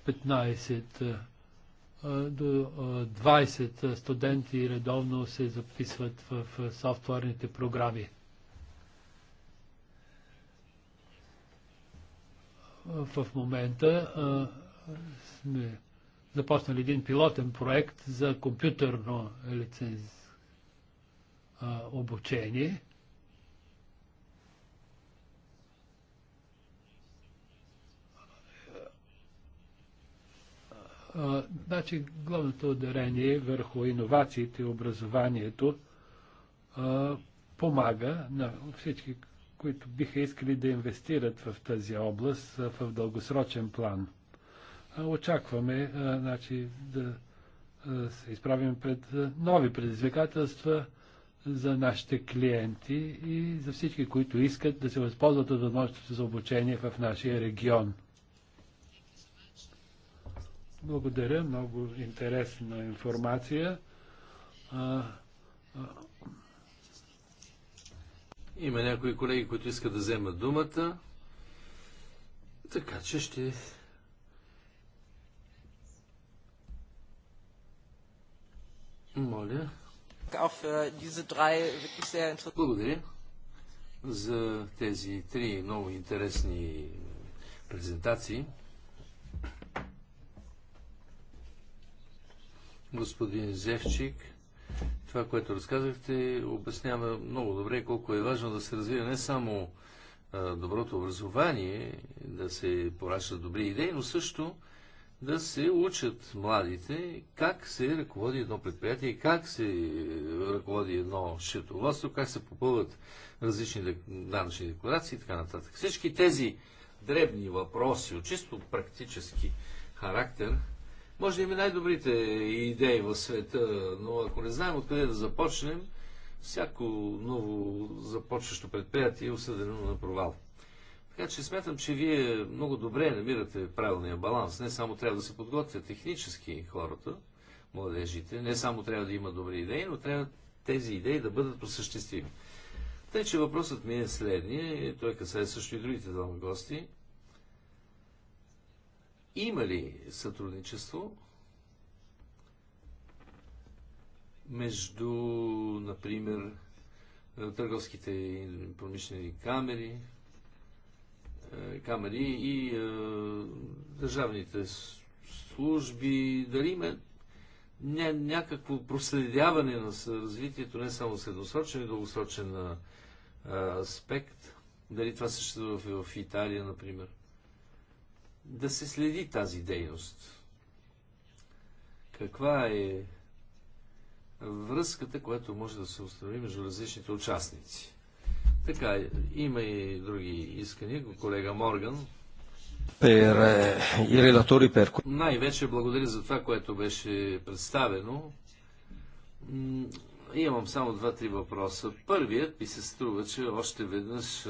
Петнайсет до 20 студенти редовно се записват в софтуерните програми. В момента сме започнали един пилотен проект за компютърно лицензиране а, обучение. А, значи главното ударение е върху иновациите и образованието а, помага на всички, които биха искали да инвестират в тази област а, в дългосрочен план. А, очакваме а, значи, да се изправим пред нови предизвикателства за нашите клиенти и за всички, които искат да се възползват от възможностите за обучение в нашия регион. Благодаря, много интересна информация. Има някои колеги, които искат да вземат думата, така че ще моля благодаря за тези три много интересни презентации. Господин Зевчик, това, което разказахте, обяснява много добре колко е важно да се развие не само доброто образование, да се поращат добри идеи, но също да се учат младите как се ръководи едно предприятие, как се ръководи едно счетоводство, как се попълват различни данъчни декларации и така нататък. Всички тези дребни въпроси от чисто практически характер, може да има най-добрите идеи в света, но ако не знаем откъде да започнем, всяко ново започващо предприятие е осъдено на провал. Така че смятам, че вие много добре намирате правилния баланс. Не само трябва да се подготвят технически хората, младежите, не само трябва да има добри идеи, но трябва тези идеи да бъдат посъществими. Тъй, че въпросът ми е следния, и той касае също и другите двама гости. Има ли сътрудничество между, например, търговските промишлени камери, е, камери и е, държавните служби, дали има ня, някакво проследяване на развитието, не само средносрочен и дългосрочен е, аспект, дали това съществува в, в Италия, например. Да се следи тази дейност. Каква е връзката, която може да се установи между различните участници? Така, има и други искания. Колега Морган. Per, eh, i relatori per... Най-вече благодаря за това, което беше представено. Имам само два-три въпроса. Първият ми се струва, че още веднъж е,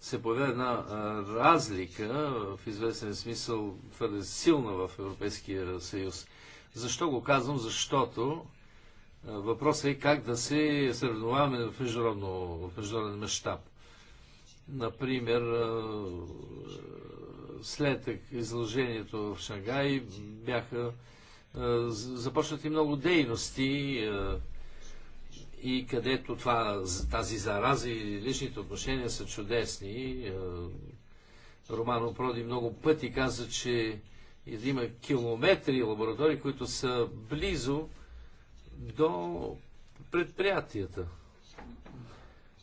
се появява една е, разлика, е, в известен смисъл твърде силна в Европейския съюз. Защо го казвам? Защото Въпросът е как да се съревноваваме в международен мащаб. Например, след изложението в Шангай бяха започнати много дейности и където това, тази зараза и личните отношения са чудесни. Романо Проди много пъти каза, че има километри лаборатории, които са близо до предприятията.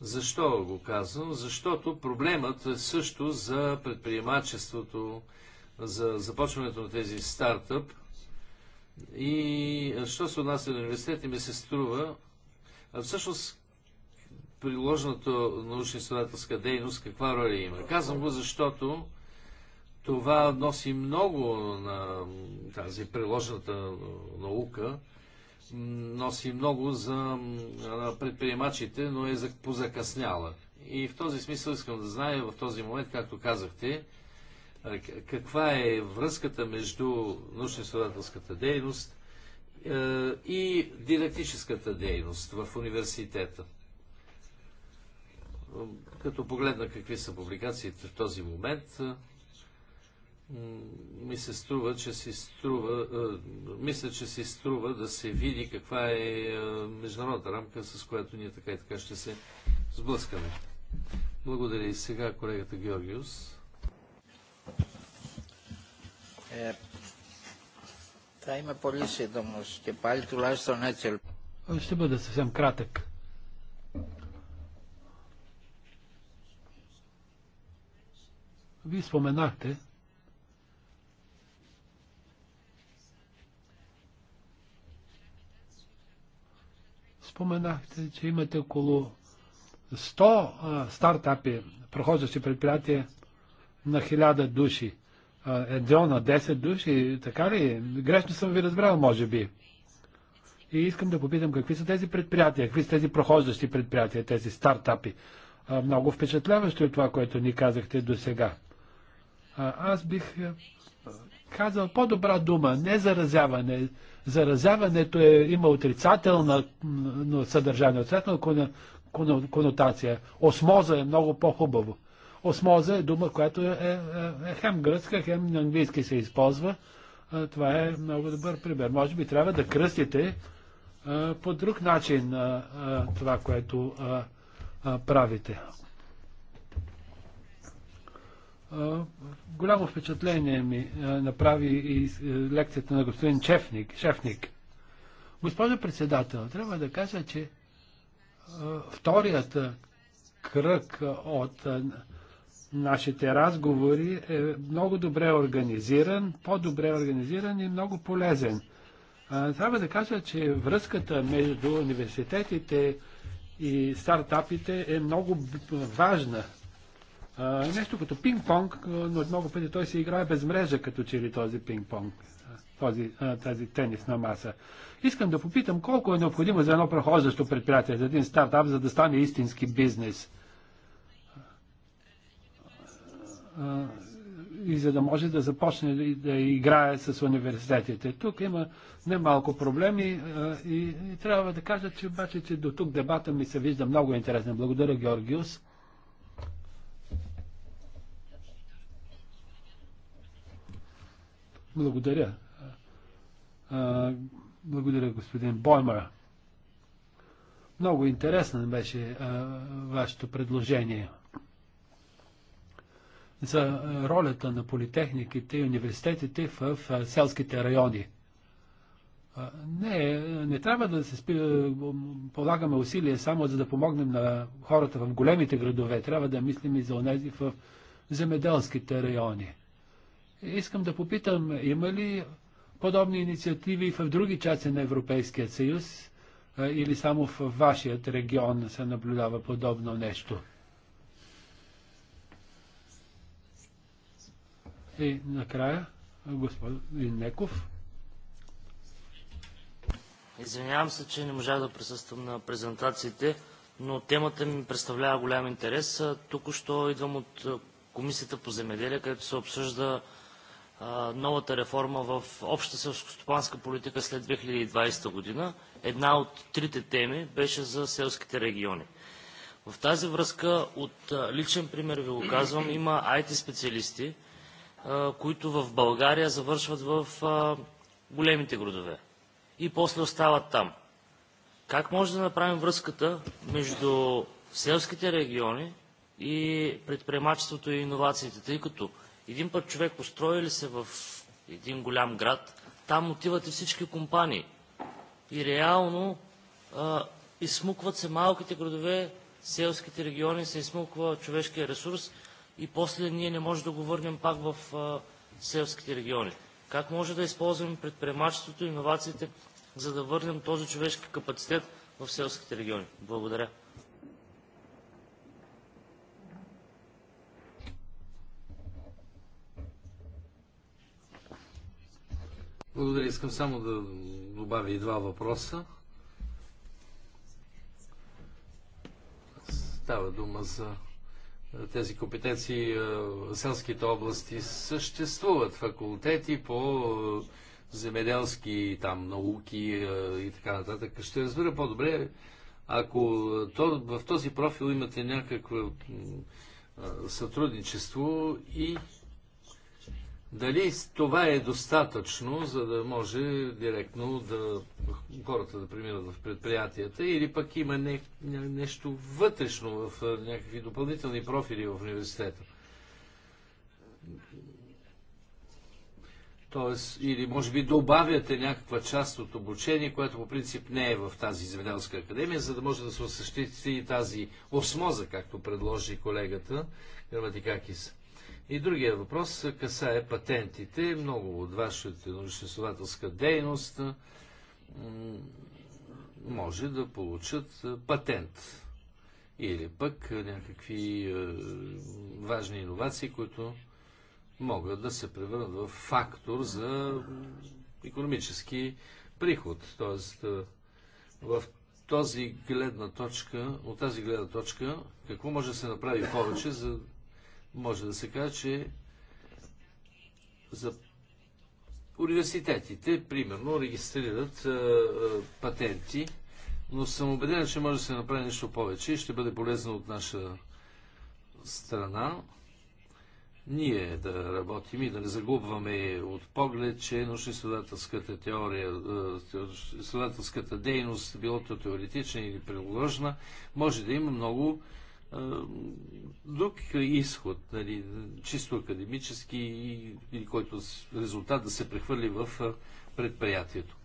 Защо го казвам? Защото проблемът е също за предприемачеството, за започването на тези стартъп. И що се отнася до университети, ми се струва, а всъщност приложената научно-изследователска дейност каква роля има? Казвам го, защото това носи много на тази приложната наука, носи много за предприемачите, но е позакъсняла. И в този смисъл искам да зная в този момент, както казахте, каква е връзката между научно-изследователската дейност и дидактическата дейност в университета. Като погледна какви са публикациите в този момент, ми се струва, че си струва, мисля, че си струва да се види каква е международната рамка, с която ние така и така ще се сблъскаме. Благодаря и сега колегата Георгиус. Θα είμαι πολύ σύντομο και πάλι τουλάχιστον έτσι ελπίζω. Ще бъда съвсем кратък. Вие споменахте, Споменахте, че имате около 100 а, стартапи, прохождащи предприятия на 1000 души. Едно на 10 души, така ли? Грешно съм ви разбрал, може би. И искам да попитам какви са тези предприятия, какви са тези прохождащи предприятия, тези стартапи. А, много впечатляващо е това, което ни казахте до сега. Аз бих казвам по-добра дума, не заразяване. Заразяването е, има отрицателна съдържание, отрицателна конотация. Осмоза е много по-хубаво. Осмоза е дума, която е, е, е, е хем гръцка, хем на английски се използва. Това е много добър пример. Може би трябва да кръстите по друг начин това, което правите. Голямо впечатление ми направи и е, лекцията на господин Чефник. Шефник. Госпожо председател, трябва да кажа, че е, вторият е, кръг от нашите разговори е много добре организиран, по-добре организиран и много полезен. Трябва да кажа, че връзката между университетите и стартапите е много важна нещо като пинг-понг, но много пъти той се играе без мрежа, като че ли този пинг-понг, този, тази тенисна маса. Искам да попитам колко е необходимо за едно прохождащо предприятие, за един стартап, за да стане истински бизнес. и за да може да започне да играе с университетите. Тук има немалко проблеми и, и трябва да кажа, че обаче, че до тук дебата ми се вижда много интересен. Благодаря, Георгиус. Благодаря. А, благодаря, господин Боймар. Много интересно беше а, вашето предложение за ролята на политехниките и университетите в, в селските райони. Не, не трябва да се спи, полагаме усилия само за да помогнем на хората в големите градове. Трябва да мислим и за онези в земеделските райони. Искам да попитам, има ли подобни инициативи в други части на Европейския съюз или само в вашият регион се наблюдава подобно нещо? И накрая, господин Неков. Извинявам се, че не можах да присъствам на презентациите, но темата ми представлява голям интерес. Тук що идвам от Комисията по земеделие, където се обсъжда новата реформа в обща селскостопанска политика след 2020 година, една от трите теми беше за селските региони. В тази връзка, от личен пример ви го казвам, има IT специалисти, които в България завършват в големите градове и после остават там. Как може да направим връзката между селските региони и предприемачеството и иновациите, тъй като един път човек устрои ли се в един голям град, там отиват и всички компании. И реално а, изсмукват се малките градове, селските региони, се изсмуква човешкия ресурс и после ние не можем да го върнем пак в а, селските региони. Как може да използваме предприемачеството и иновациите, за да върнем този човешки капацитет в селските региони? Благодаря. Благодаря. Искам само да добавя и два въпроса. Става дума за тези компетенции. Е, селските области съществуват факултети по е, земеделски там науки е, и така нататък. Ще разбера по-добре, ако то, в този профил имате някакво сътрудничество и дали това е достатъчно, за да може директно да, хората да преминат в предприятията или пък има не, нещо вътрешно в някакви допълнителни профили в университета? Тоест, или може би добавяте някаква част от обучение, което по принцип не е в тази земеделска академия, за да може да се осъществи и тази осмоза, както предложи колегата Граматикакис. И другия въпрос касае патентите. Много от вашата научно-изследователска дейност може да получат патент или пък някакви важни иновации, които могат да се превърнат в фактор за економически приход. Тоест, в този гледна точка, от тази гледна точка, какво може да се направи повече, за може да се каже, че за университетите, примерно, регистрират а, а, патенти, но съм убеден, че може да се направи нещо повече и ще бъде полезно от наша страна ние да работим и да не загубваме от поглед, че научно-изследователската теория, изследователската дейност, било то теоретична или приложна, може да има много друг изход, нали, чисто академически или който резултат да се прехвърли в предприятието.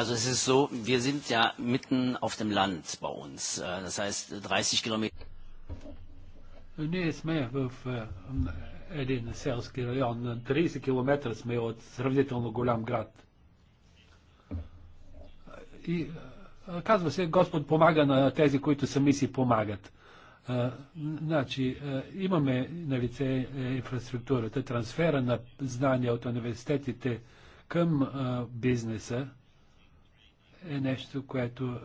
Also es ist so, wir sind ja mitten auf dem Land bei uns. Äh, das heißt 30 Kilometer. Ние сме в един селски район. 30 км сме от сравнително голям град. И Казва се, Господ помага на тези, които сами си помагат. Значи, имаме на лице е, инфраструктурата, трансфера на знания от университетите към бизнеса е нещо, което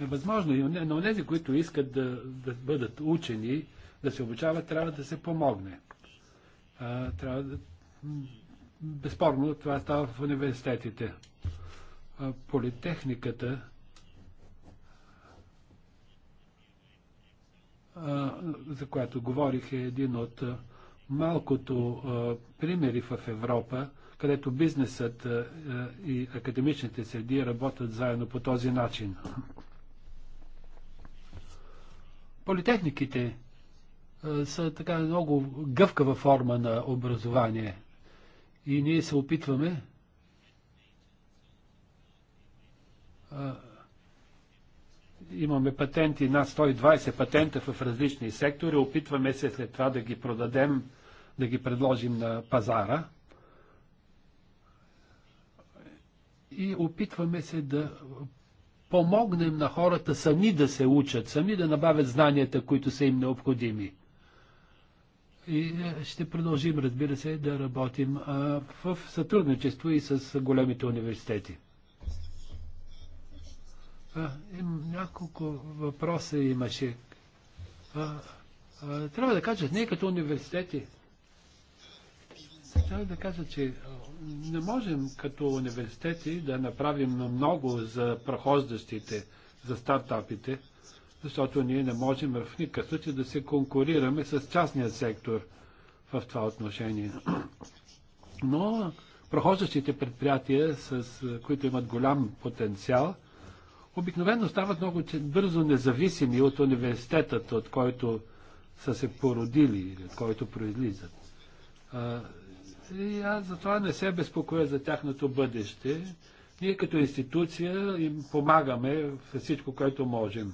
е възможно. Но тези, които искат да, да бъдат учени, да се обучават, трябва да се помогне. трябва да... Безспорно това става в университетите. политехниката за която говорих, е един от малкото примери в Европа, където бизнесът и академичните среди работят заедно по този начин. Политехниките са така много гъвкава форма на образование и ние се опитваме имаме патенти, над 120 патента в различни сектори. Опитваме се след това да ги продадем, да ги предложим на пазара. И опитваме се да помогнем на хората сами да се учат, сами да набавят знанията, които са им необходими. И е, ще продължим, разбира се, да работим а, в сътрудничество и с големите университети. А, им, няколко въпроса имаше. А, а, трябва да кажа, ние като университети, трябва да кажа, че не можем като университети да направим много за прохождащите, за стартапите, защото ние не можем в никакъв случай да се конкурираме с частния сектор в това отношение. Но прохождащите предприятия, с които имат голям потенциал, обикновено стават много бързо независими от университетът, от който са се породили или от който произлизат. А, и аз затова не се безпокоя за тяхното бъдеще. Ние като институция им помагаме във всичко, което можем.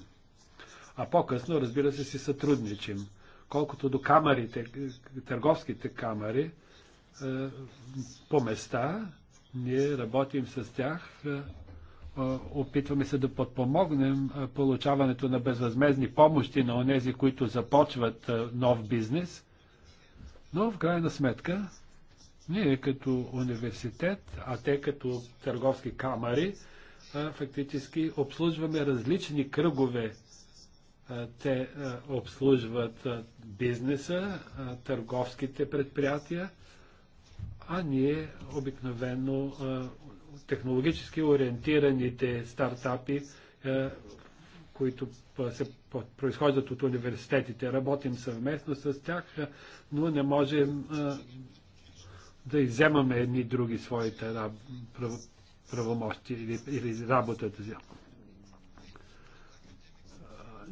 А по-късно, разбира се, си сътрудничим. Колкото до камерите, търговските камери, по места, ние работим с тях Опитваме се да подпомогнем получаването на безвъзмезни помощи на онези, които започват нов бизнес. Но в крайна сметка, ние като университет, а те като търговски камери, фактически обслужваме различни кръгове. Те обслужват бизнеса, търговските предприятия, а ние обикновено технологически ориентираните стартапи, е, които се произхождат от университетите. Работим съвместно с тях, е, но не можем е, да иземаме едни други своите правомощи или, работата си.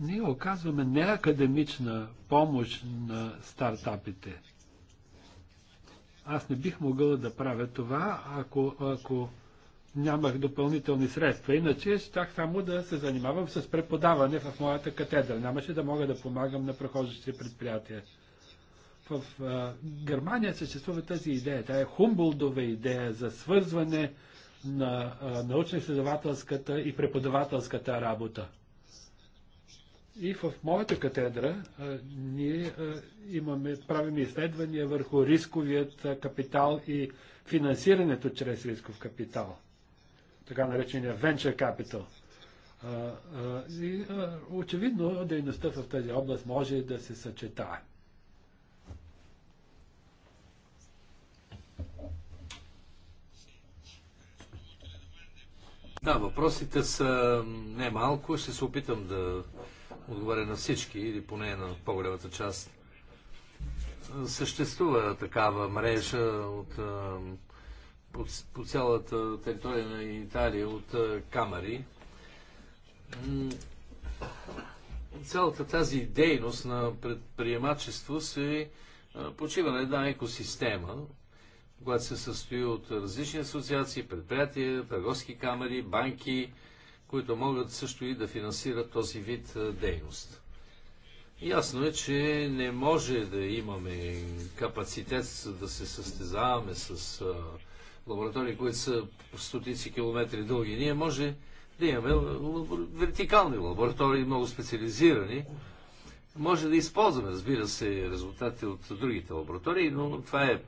Ние оказваме неакадемична помощ на стартапите. Аз не бих могъл да правя това, ако, ако нямах допълнителни средства. Иначе щях само да се занимавам с преподаване в моята катедра. Нямаше да мога да помагам на прохождащите предприятия. В а, Германия съществува тази идея. Тя е Хумболдова идея за свързване на научно-изследователската и преподавателската работа. И в моята катедра а, ние а, имаме, правим изследвания върху рисковият а, капитал и финансирането чрез рисков капитал така наречения venture capital. и, очевидно дейността в тази област може да се съчетае. Да, въпросите са не малко. Ще се опитам да отговаря на всички или поне на по-голямата част. Съществува такава мрежа от по, по цялата територия на Италия от камери. Цялата тази дейност на предприемачество се почива на една екосистема, която се състои от различни асоциации, предприятия, търговски камери, банки, които могат също и да финансират този вид дейност. Ясно е, че не може да имаме капацитет да се състезаваме с лаборатории, които са стотици километри дълги. Ние може да имаме вертикални лаборатории, много специализирани. Може да използваме, разбира се, резултати от другите лаборатории, но това е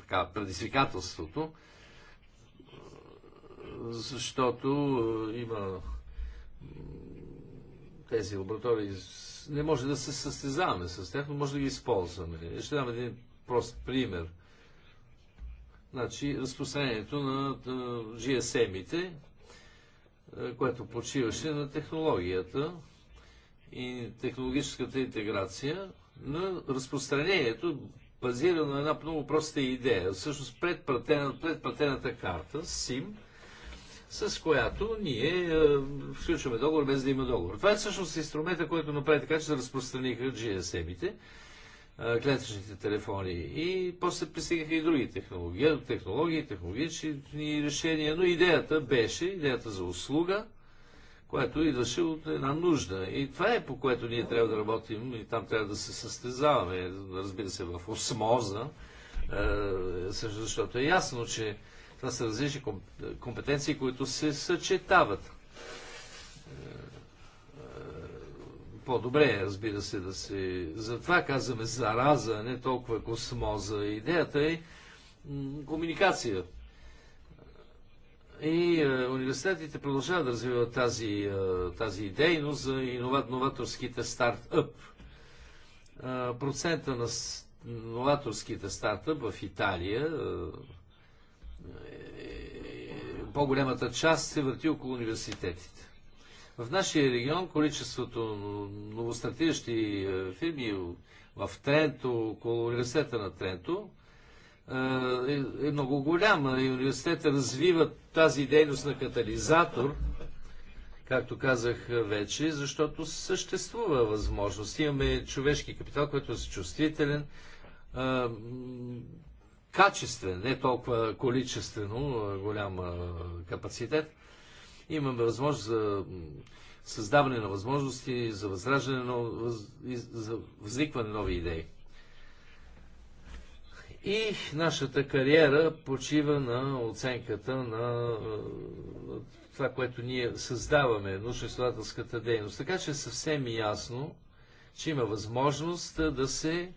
така, предизвикателството, защото е, има тези лаборатории не може да се състезаваме с тях, но може да ги използваме. Ще дам един прост пример – Значи, разпространението на GSM-ите, което почиваше на технологията и технологическата интеграция, на разпространението, базирано на една много проста идея. Всъщност, предплатената, предплатената карта, СИМ, с която ние е, включваме договор без да има договор. Това е всъщност инструмента, който направи така, че се разпространиха GSM-ите клетъчните телефони. И после пристигаха и други технологии, технологии, технологични решения, но идеята беше, идеята за услуга, която идваше от една нужда. И това е по което ние трябва да работим и там трябва да се състезаваме, разбира се, в осмоза, защото е ясно, че това са различни компетенции, които се съчетават. по-добре, разбира се, да се... Затова казваме зараза, не толкова космоза. Идеята е комуникация. И е, университетите продължават да развиват тази, е, тази идейност за иноват, новаторските стартъп. Е, процента на новаторските стартъп в Италия е, е, е, по-голямата част се върти около университетите. В нашия регион количеството новостартиращи е, фирми в Тренто, около университета на Тренто, е, е, е, много голяма и университета развива тази дейност на катализатор, както казах вече, защото съществува възможност. Имаме човешки капитал, който е чувствителен, качествен, не толкова количествено голям капацитет имаме възможност за създаване на възможности, за възраждане на, за възникване на нови идеи. И нашата кариера почива на оценката е, на това, което ние създаваме, научно-изследователската дейност. Така че е съвсем ясно, че има възможност е, да се е,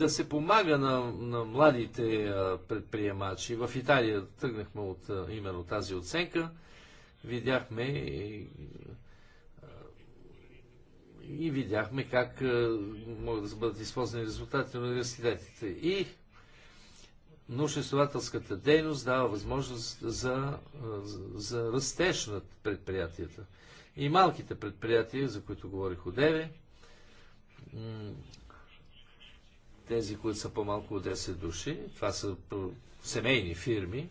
да се помага на, на младите предприемачи. В Италия тръгнахме от именно тази оценка. Видяхме и, и видяхме как могат да бъдат използвани резултати на университетите. И научно-изследователската дейност дава възможност за, за растеж на предприятията. И малките предприятия, за които говорих одеве, тези, които са по-малко от 10 души, това са семейни фирми,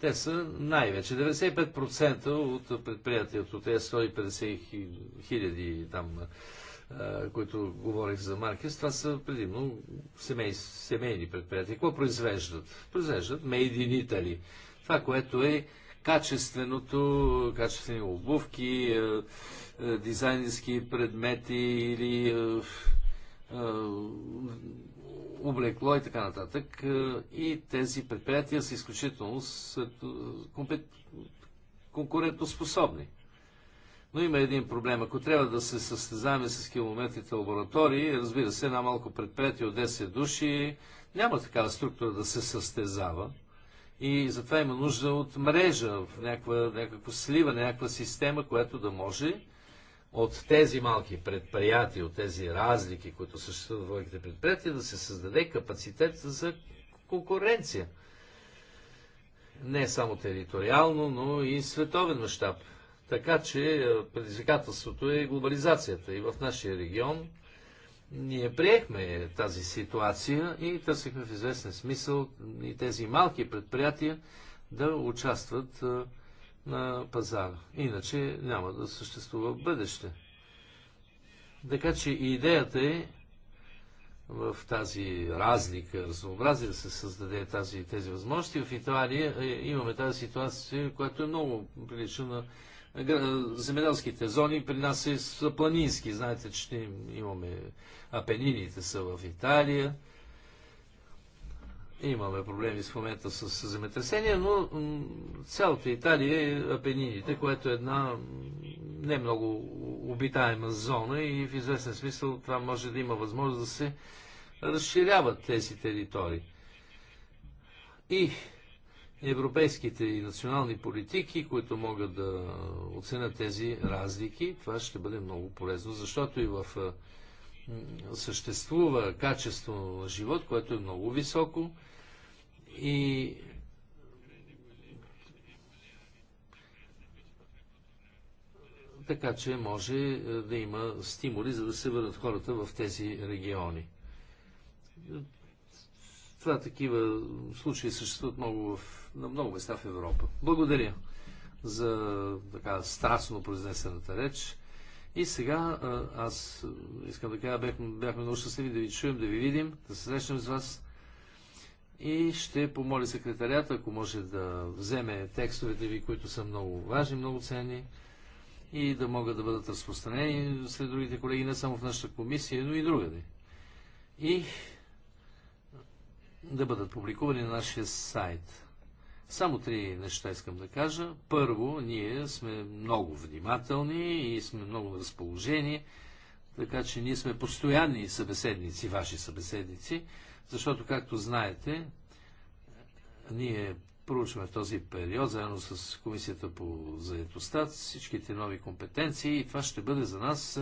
те са най-вече 95% от предприятието, те 150 хиляди там, които говорих за маркес, това са предимно семей, семейни предприятия. Какво произвеждат? Произвеждат Made in Italy. Това, което е качественото, качествени обувки, дизайнерски предмети или облекло и така нататък. Е, и тези предприятия са изключително е, конкурентоспособни. Но има един проблем. Ако трябва да се състезаваме с километрите лаборатории, разбира се, една малко предприятие от 10 души няма такава структура да се състезава. И затова има нужда от мрежа, някаква, някакво сливане, някаква система, която да може от тези малки предприятия, от тези разлики, които съществуват в великите предприятия, да се създаде капацитет за конкуренция. Не само териториално, но и световен мащаб. Така че е, предизвикателството е глобализацията. И в нашия регион ние приехме тази ситуация и търсихме в известен смисъл и тези малки предприятия да участват е, на пазара. Иначе няма да съществува бъдеще. Така че идеята е в тази разлика, разнообразие да се създаде тази, тези възможности. В Италия е, имаме тази ситуация, която е много прилича на земеделските зони. При нас е са планински. Знаете, че имаме апенините са в Италия. Имаме проблеми в момента с земетресения, но цялата Италия е Апенините, което е една не много обитаема зона и в известен смисъл това може да има възможност да се разширяват тези територии. И европейските и национални политики, които могат да оценят тези разлики, това ще бъде много полезно, защото и в съществува качество на живот, което е много високо и така че може е, да има стимули, за да се върнат хората в тези региони. Това такива случаи съществуват много в, на много места в Европа. Благодаря за така страстно произнесената реч. И сега е, аз искам да кажа, бяхме, много щастливи да ви чуем, да ви видим, да се срещнем с вас и ще помоля секретарията, ако може да вземе текстовете ви, които са много важни, много ценни и да могат да бъдат разпространени след другите колеги, не само в нашата комисия, но и другаде. И да бъдат публикувани на нашия сайт. Само три неща искам да кажа. Първо, ние сме много внимателни и сме много разположени, така че ние сме постоянни събеседници, ваши събеседници. Защото, както знаете, ние проучваме в този период, заедно с Комисията по заедостта, всичките нови компетенции и това ще бъде за нас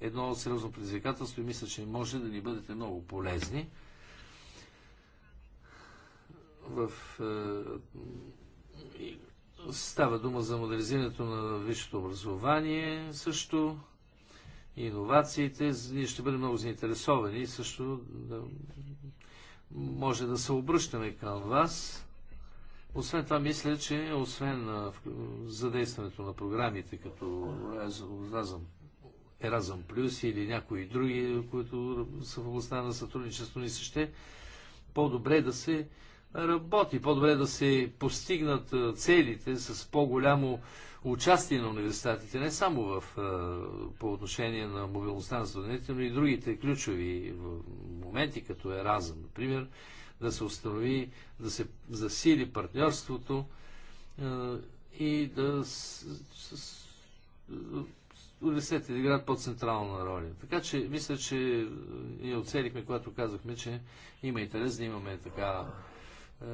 едно сериозно предизвикателство и мисля, че може да ни бъдете много полезни в Става дума за модернизирането на висшето образование също и иновациите. Ние ще бъдем много заинтересовани и също да, може да се обръщаме към вас. Освен това, мисля, че освен задействането на програмите като Разъм, Еразъм Плюс или някои други, които са в областта на сътрудничество, ни се ще по-добре да се работи, по-добре да се постигнат целите с по-голямо участие на университетите, не само в, е, по отношение на мобилността на студентите, но и другите ключови е, моменти, като Еразъм, например, да се установи, да се засили партньорството е, и да университетите да играят по-централна роля. Така че мисля, че ние оцелихме, когато казахме, че има интерес да имаме така е,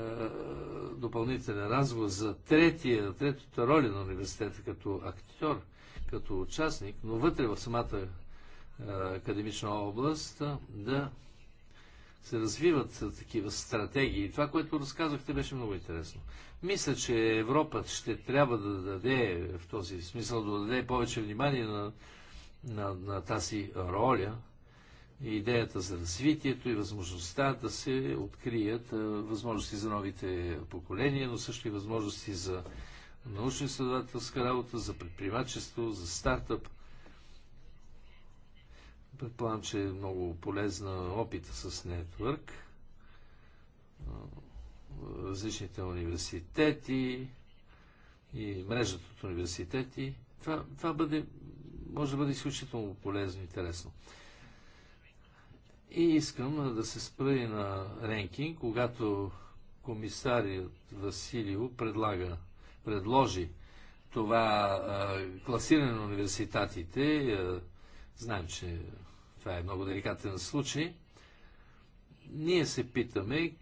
допълнителен разговор за третия, третата роля на университета като актьор, като участник, но вътре в самата е, академична област да се развиват такива стратегии. Това, което разказахте, беше много интересно. Мисля, че Европа ще трябва да даде, в този смисъл, да даде повече внимание на, на, на тази роля, идеята за развитието и възможността да се открият възможности за новите поколения, но също и възможности за научно-изследователска работа, за предприемачество, за стартъп. Предполагам, че е много полезна опита с нетворк. Различните университети и мрежата от университети. Това, това бъде, може да бъде изключително полезно и интересно. И искам да се спра и на Ренкин, когато комисарият Василио предлага, предложи това а, класиране на университетите. А, знаем, че това е много деликатен случай. Ние се питаме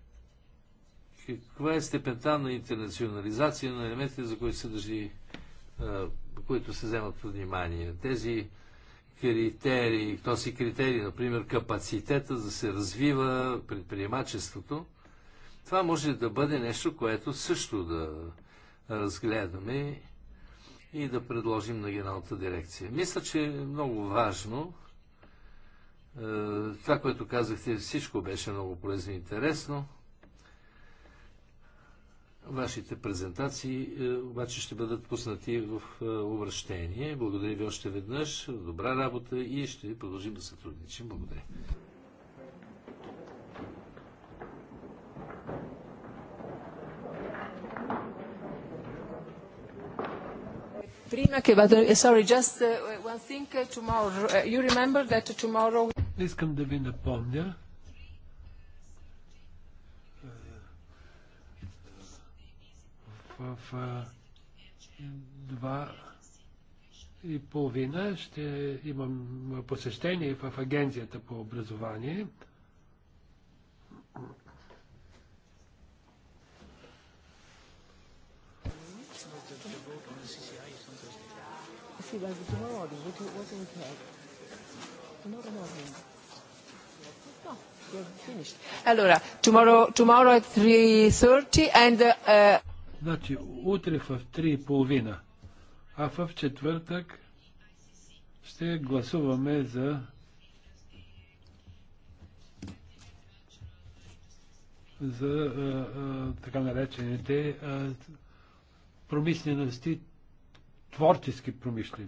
каква е степента на интернационализация на елементите, за които се държи, а, които се вземат внимание. Тези критерии, този критерии, например капацитета да се развива предприемачеството, това може да бъде нещо, което също да разгледаме и да предложим на генералната дирекция. Мисля, че е много важно. Е, това, което казахте, всичко беше много полезно и интересно. Вашите презентации е, обаче ще бъдат пуснати в е, обращение. Благодаря ви още веднъж. Добра работа и ще продължим да сътрудничим. Благодаря. Eh, eh, eh, Искам да ви напомня, в два и половина ще имам посещение в Агенцията по образование. see whether tomorrow morning what you what you have. Tomorrow morning. No, you're finished. Allora, tomorrow tomorrow at 3:30 and uh, Значи, утре в 3.30, а в четвъртък ще гласуваме за за а, а, така наречените а, промишлености, творчески промишлени.